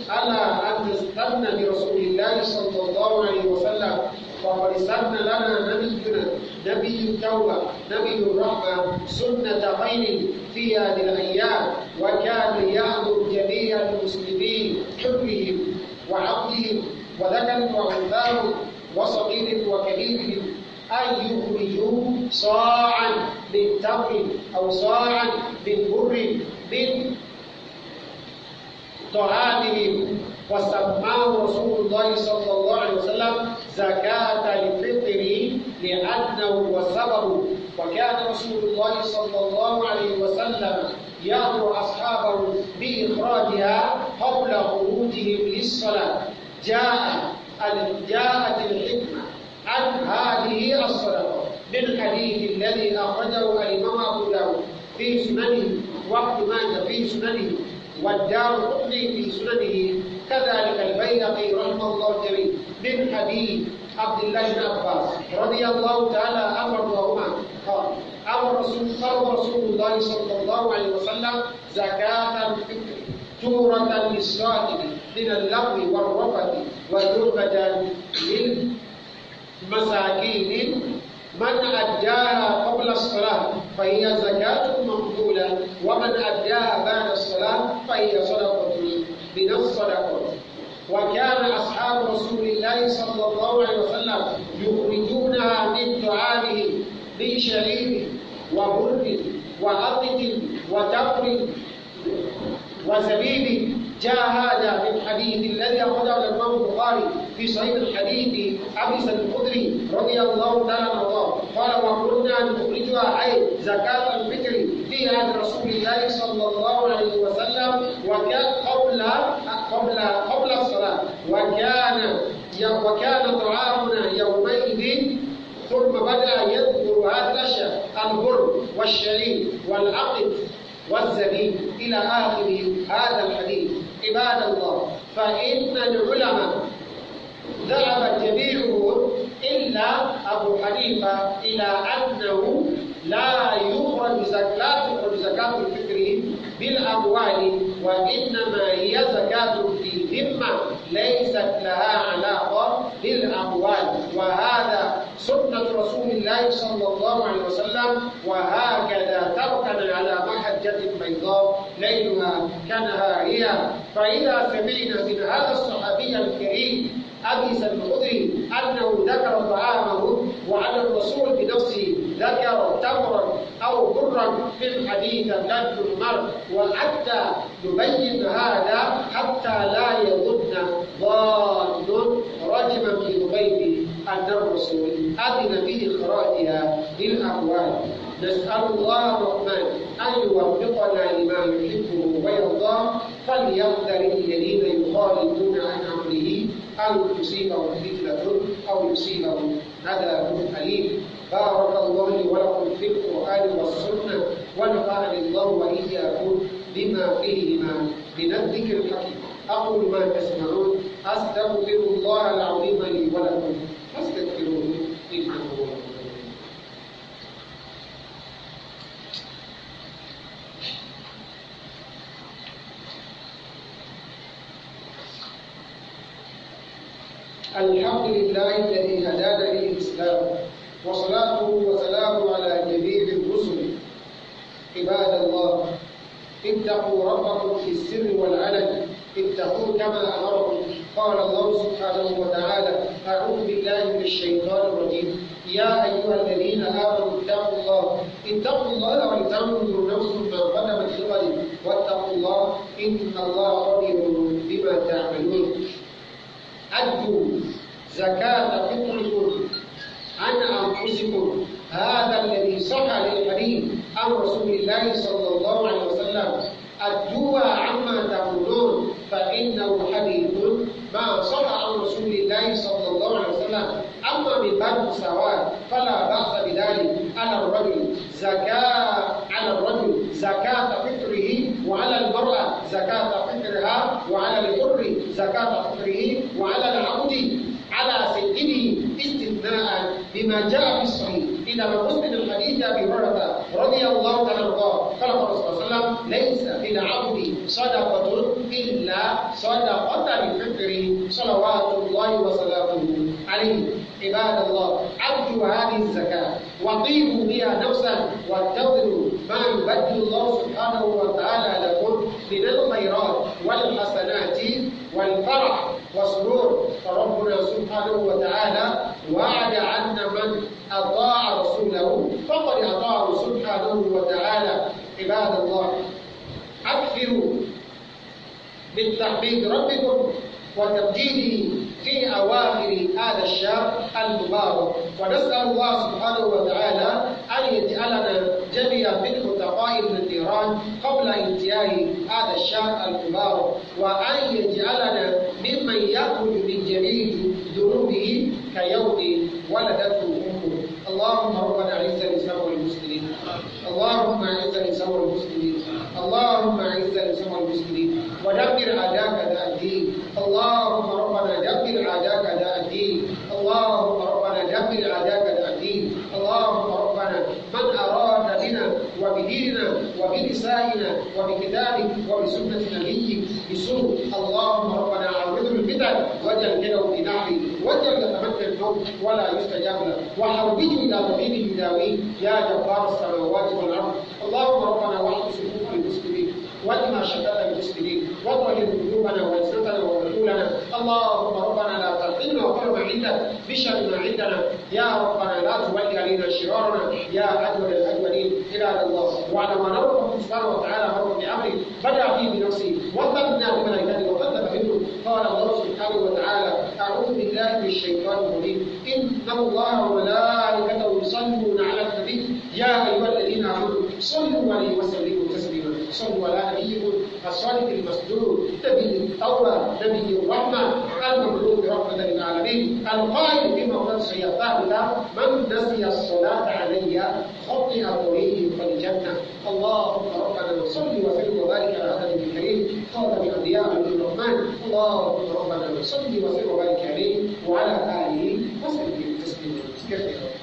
على أن نستنى برسول الله صلى الله عليه وسلم وقد سن لنا نبينا نبي التوبة نبي الرحمة سنة غير في هذه الأيام وكان يأمر جميع المسلمين حبهم وعبدهم وذكر وأنثاهم وصغير وكبير أن يخرجوا صاعا من تمر أو صاعا من بر من طعامهم وسماه رسول الله صلى الله عليه وسلم زكاة الفطر لأنه هو وكان رسول الله صلى الله عليه وسلم يأمر أصحابه بإخراجها قبل خروجهم للصلاة جاء جاءت الحكمة عن هذه الصدقة بالحديث الذي أخرجه الإمام أبو داود في سننه وقت ماجه في سننه والدار قطني في سننه كذلك البيهقي رحمه الله الجميع من حديث عبد الله بن عباس رضي الله تعالى عنهما قال امر رسول فرض رسول الله صلى الله عليه وسلم زكاة الفطر تورة للصائم من اللغو والرفث وتربة للمساكين من أداها قبل الصلاة فهي زكاة مقبولة ومن أداها بعد الصلاة فهي صدقة من الصدقة وكان أصحاب الله صلى الله عليه وسلم يخرجونها من دعائه من شرير وبرد وعطف وتقر وزبيب جاء هذا من حديث الذي اخذه الإمام البخاري في صحيح الحديث أبي سعيد الخدري رضي الله تعالى عنه قال وكنا نخرجها أي زكاة الفطر في عهد رسول الله صلى الله عليه وسلم وكان قبل قبل قبل الصلاة وكان وكان طعامنا يومئذ ثم بدأ يذكر هذا الأشياء البر والشريف والعقد والزبيب إلى آخر هذا الحديث عباد الله فإن العلماء ذهب جميعهم إلا أبو حنيفة إلى أنه لا يخرج زكاة يخرج زكاة الفكر بالأموال وإنما هي زكاة في ذمة ليست لها علاقة بالأموال وهذا سنة رسول الله صلى الله عليه وسلم وهكذا تركن على محجة بيضاء ليلها كنهارها فإذا سمعنا من هذا الصحابي الكريم أبي سلم أنه ذكر طعامه وعلى الرسول بنفسه ذكر تمرا أو برا في الحديث نبذ المرء وحتى يبين هذا حتى لا يظن ضال رجم في غيبه أن الرسول أذن في إخراجها للأموال نسأل الله الرحمن أن يوفقنا لما يحبه ويرضاه فليقدر الذين يخالفون عن أو يصيبه مثل ذل أو يصيبه عذاب أليم بارك الله لي ولكم في القرآن والسنة ونفعني الله وإياكم بما فيهما من الذكر الحكيم أقول ما تسمعون أستغفر الله العظيم لي ولكم فاستغفروه الحمد لله الذي هدانا للإسلام وصلاته وسلامه على جميع الرسل عباد الله اتقوا ربكم في السر والعلن اتقوا كما أمركم قال الله سبحانه وتعالى أعوذ بالله من الشيطان الرجيم يا أيها الذين آمنوا اتقوا الله اتقوا الله ولتنظر نفس ما قدمت لغد واتقوا الله إن الله خبير بما تعملون أدوا زكاة فطركم عن أنفسكم هذا الذي صح للحديث عن رسول الله صلى الله عليه وسلم أدوا عما تقولون فإنه حديث ما صح عن رسول الله صلى الله عليه وسلم أما من باب السواد فلا بأس بذلك على الرجل زكاة على الرجل زكاة جاء في الصحيح إلى مسند الحديث أبي هريرة رضي الله تعالى عنه قال الرسول صلى الله عليه وسلم ليس في العبد صدقة إلا صدقة الفكر صلوات الله وسلامه عليه عباد الله أرجو هذه الزكاة وطيبوا بها نفسا وانتظروا ما يبدل الله سبحانه وتعالى لكم من الخيرات والحسنات والفرح والسرور فربنا سبحانه وتعالى وعد أن من أطاع رسوله فقد أطاعه سبحانه وتعالى عباد الله أكثروا من تحميد ربكم وتمجيده في أواخر هذا الشهر المبارك ونسأل الله سبحانه وتعالى أن يجعلنا جميعا من متقائم للنيران قبل انتهاء هذا الشهر المبارك وأن يجعلنا ممن يخرج من جميع ذنوبه كيوم ولدته أمه اللهم ربنا أعز الإسلام والمسلمين اللهم أعز الإسلام والمسلمين اللهم أعز الإسلام والمسلمين ودمر أعداءك الحوض ولا يستجاب له وحوجه الى طبيب يداويه يا جبار السماوات والارض اللهم ربنا واحفظ صفوف المسلمين وادم شتات المسلمين واطهر قلوبنا والسنتنا وعقولنا اللهم ربنا لا تلقنا كل ما عندك بشر ما عندنا يا ربنا لا تولي علينا شرارنا يا اجود الاجود إلى الله وعلى ما نوره سبحانه وتعالى هو بأمره بدأ فيه بنفسه وثبنا بملائكته وقد به قال الله سبحانه وتعالى أعوذ بالله من الشيطان الرجيم إن الله وملائكته يصلون على النبي يا أيها الذين آمنوا صلوا عليه وسلموا تسليما يصلوا على نبيكم الصادق المصدوق نبي التوبه نبي الرحمه المملوك رحمه للعالمين القائل في مولاه سيطان من نسي الصلاه علي خطئ طريقي فالجنه اللهم ربنا صل وسلم وبارك على هذا النبي الكريم خاتم الانبياء عبد الرحمن اللهم ربنا صل وسلم وبارك عليه وعلى اله وصحبه تسليما كثيرا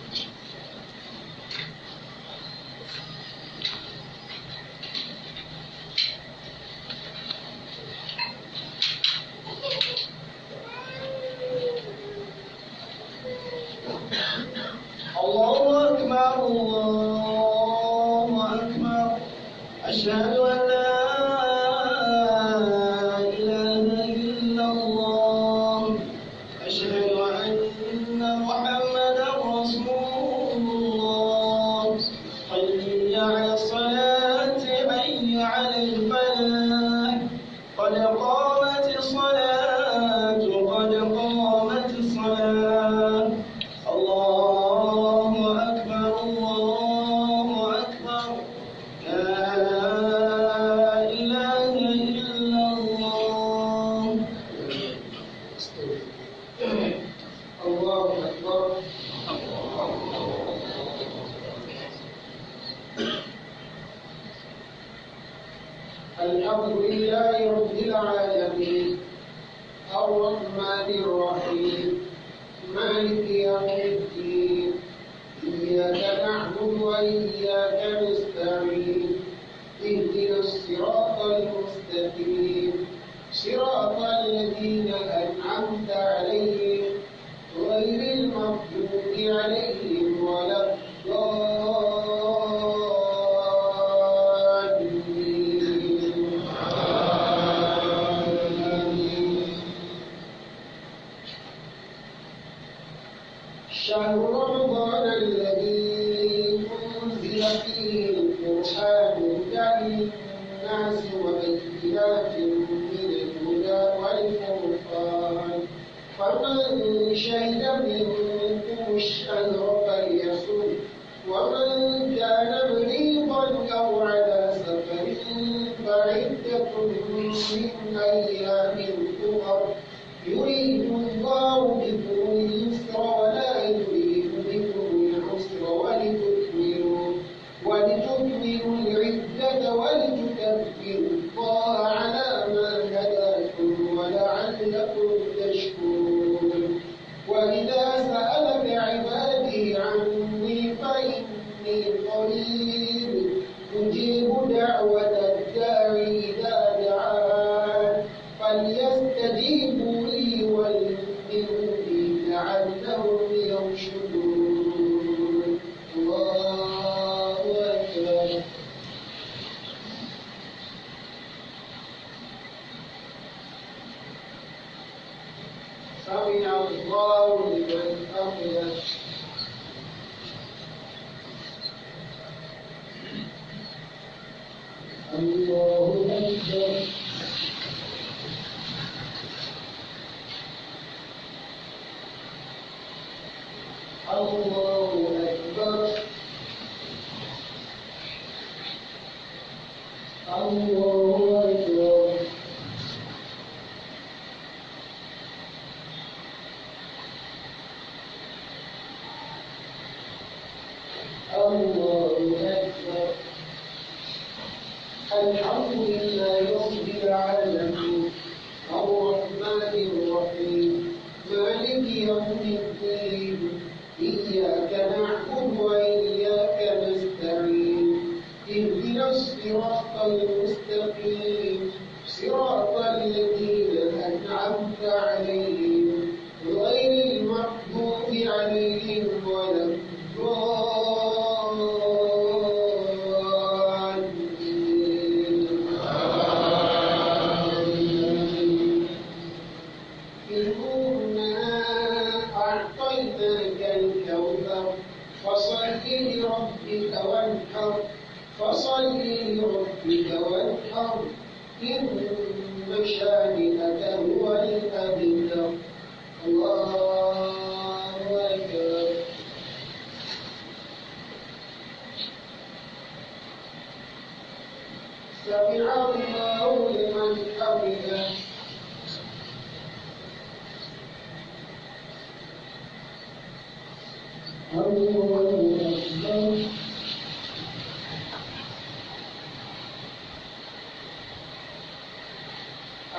القريب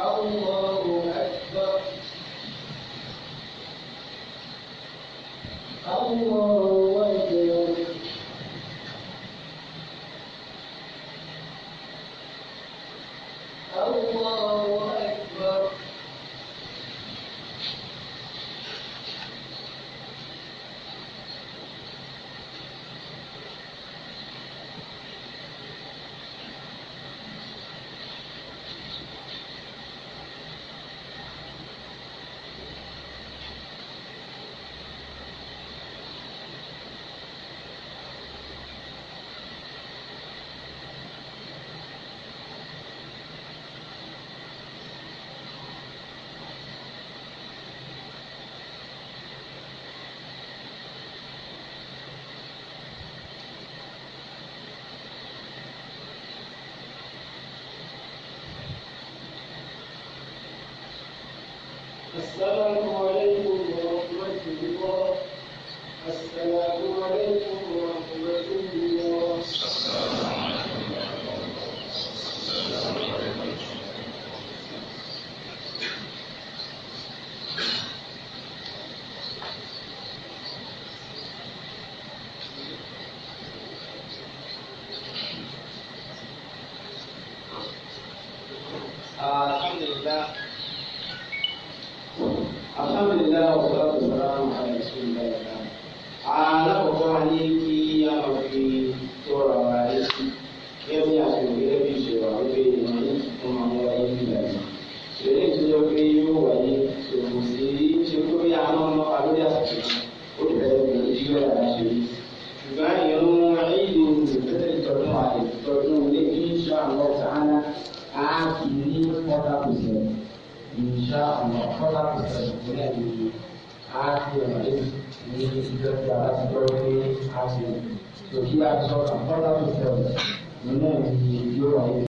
Allah.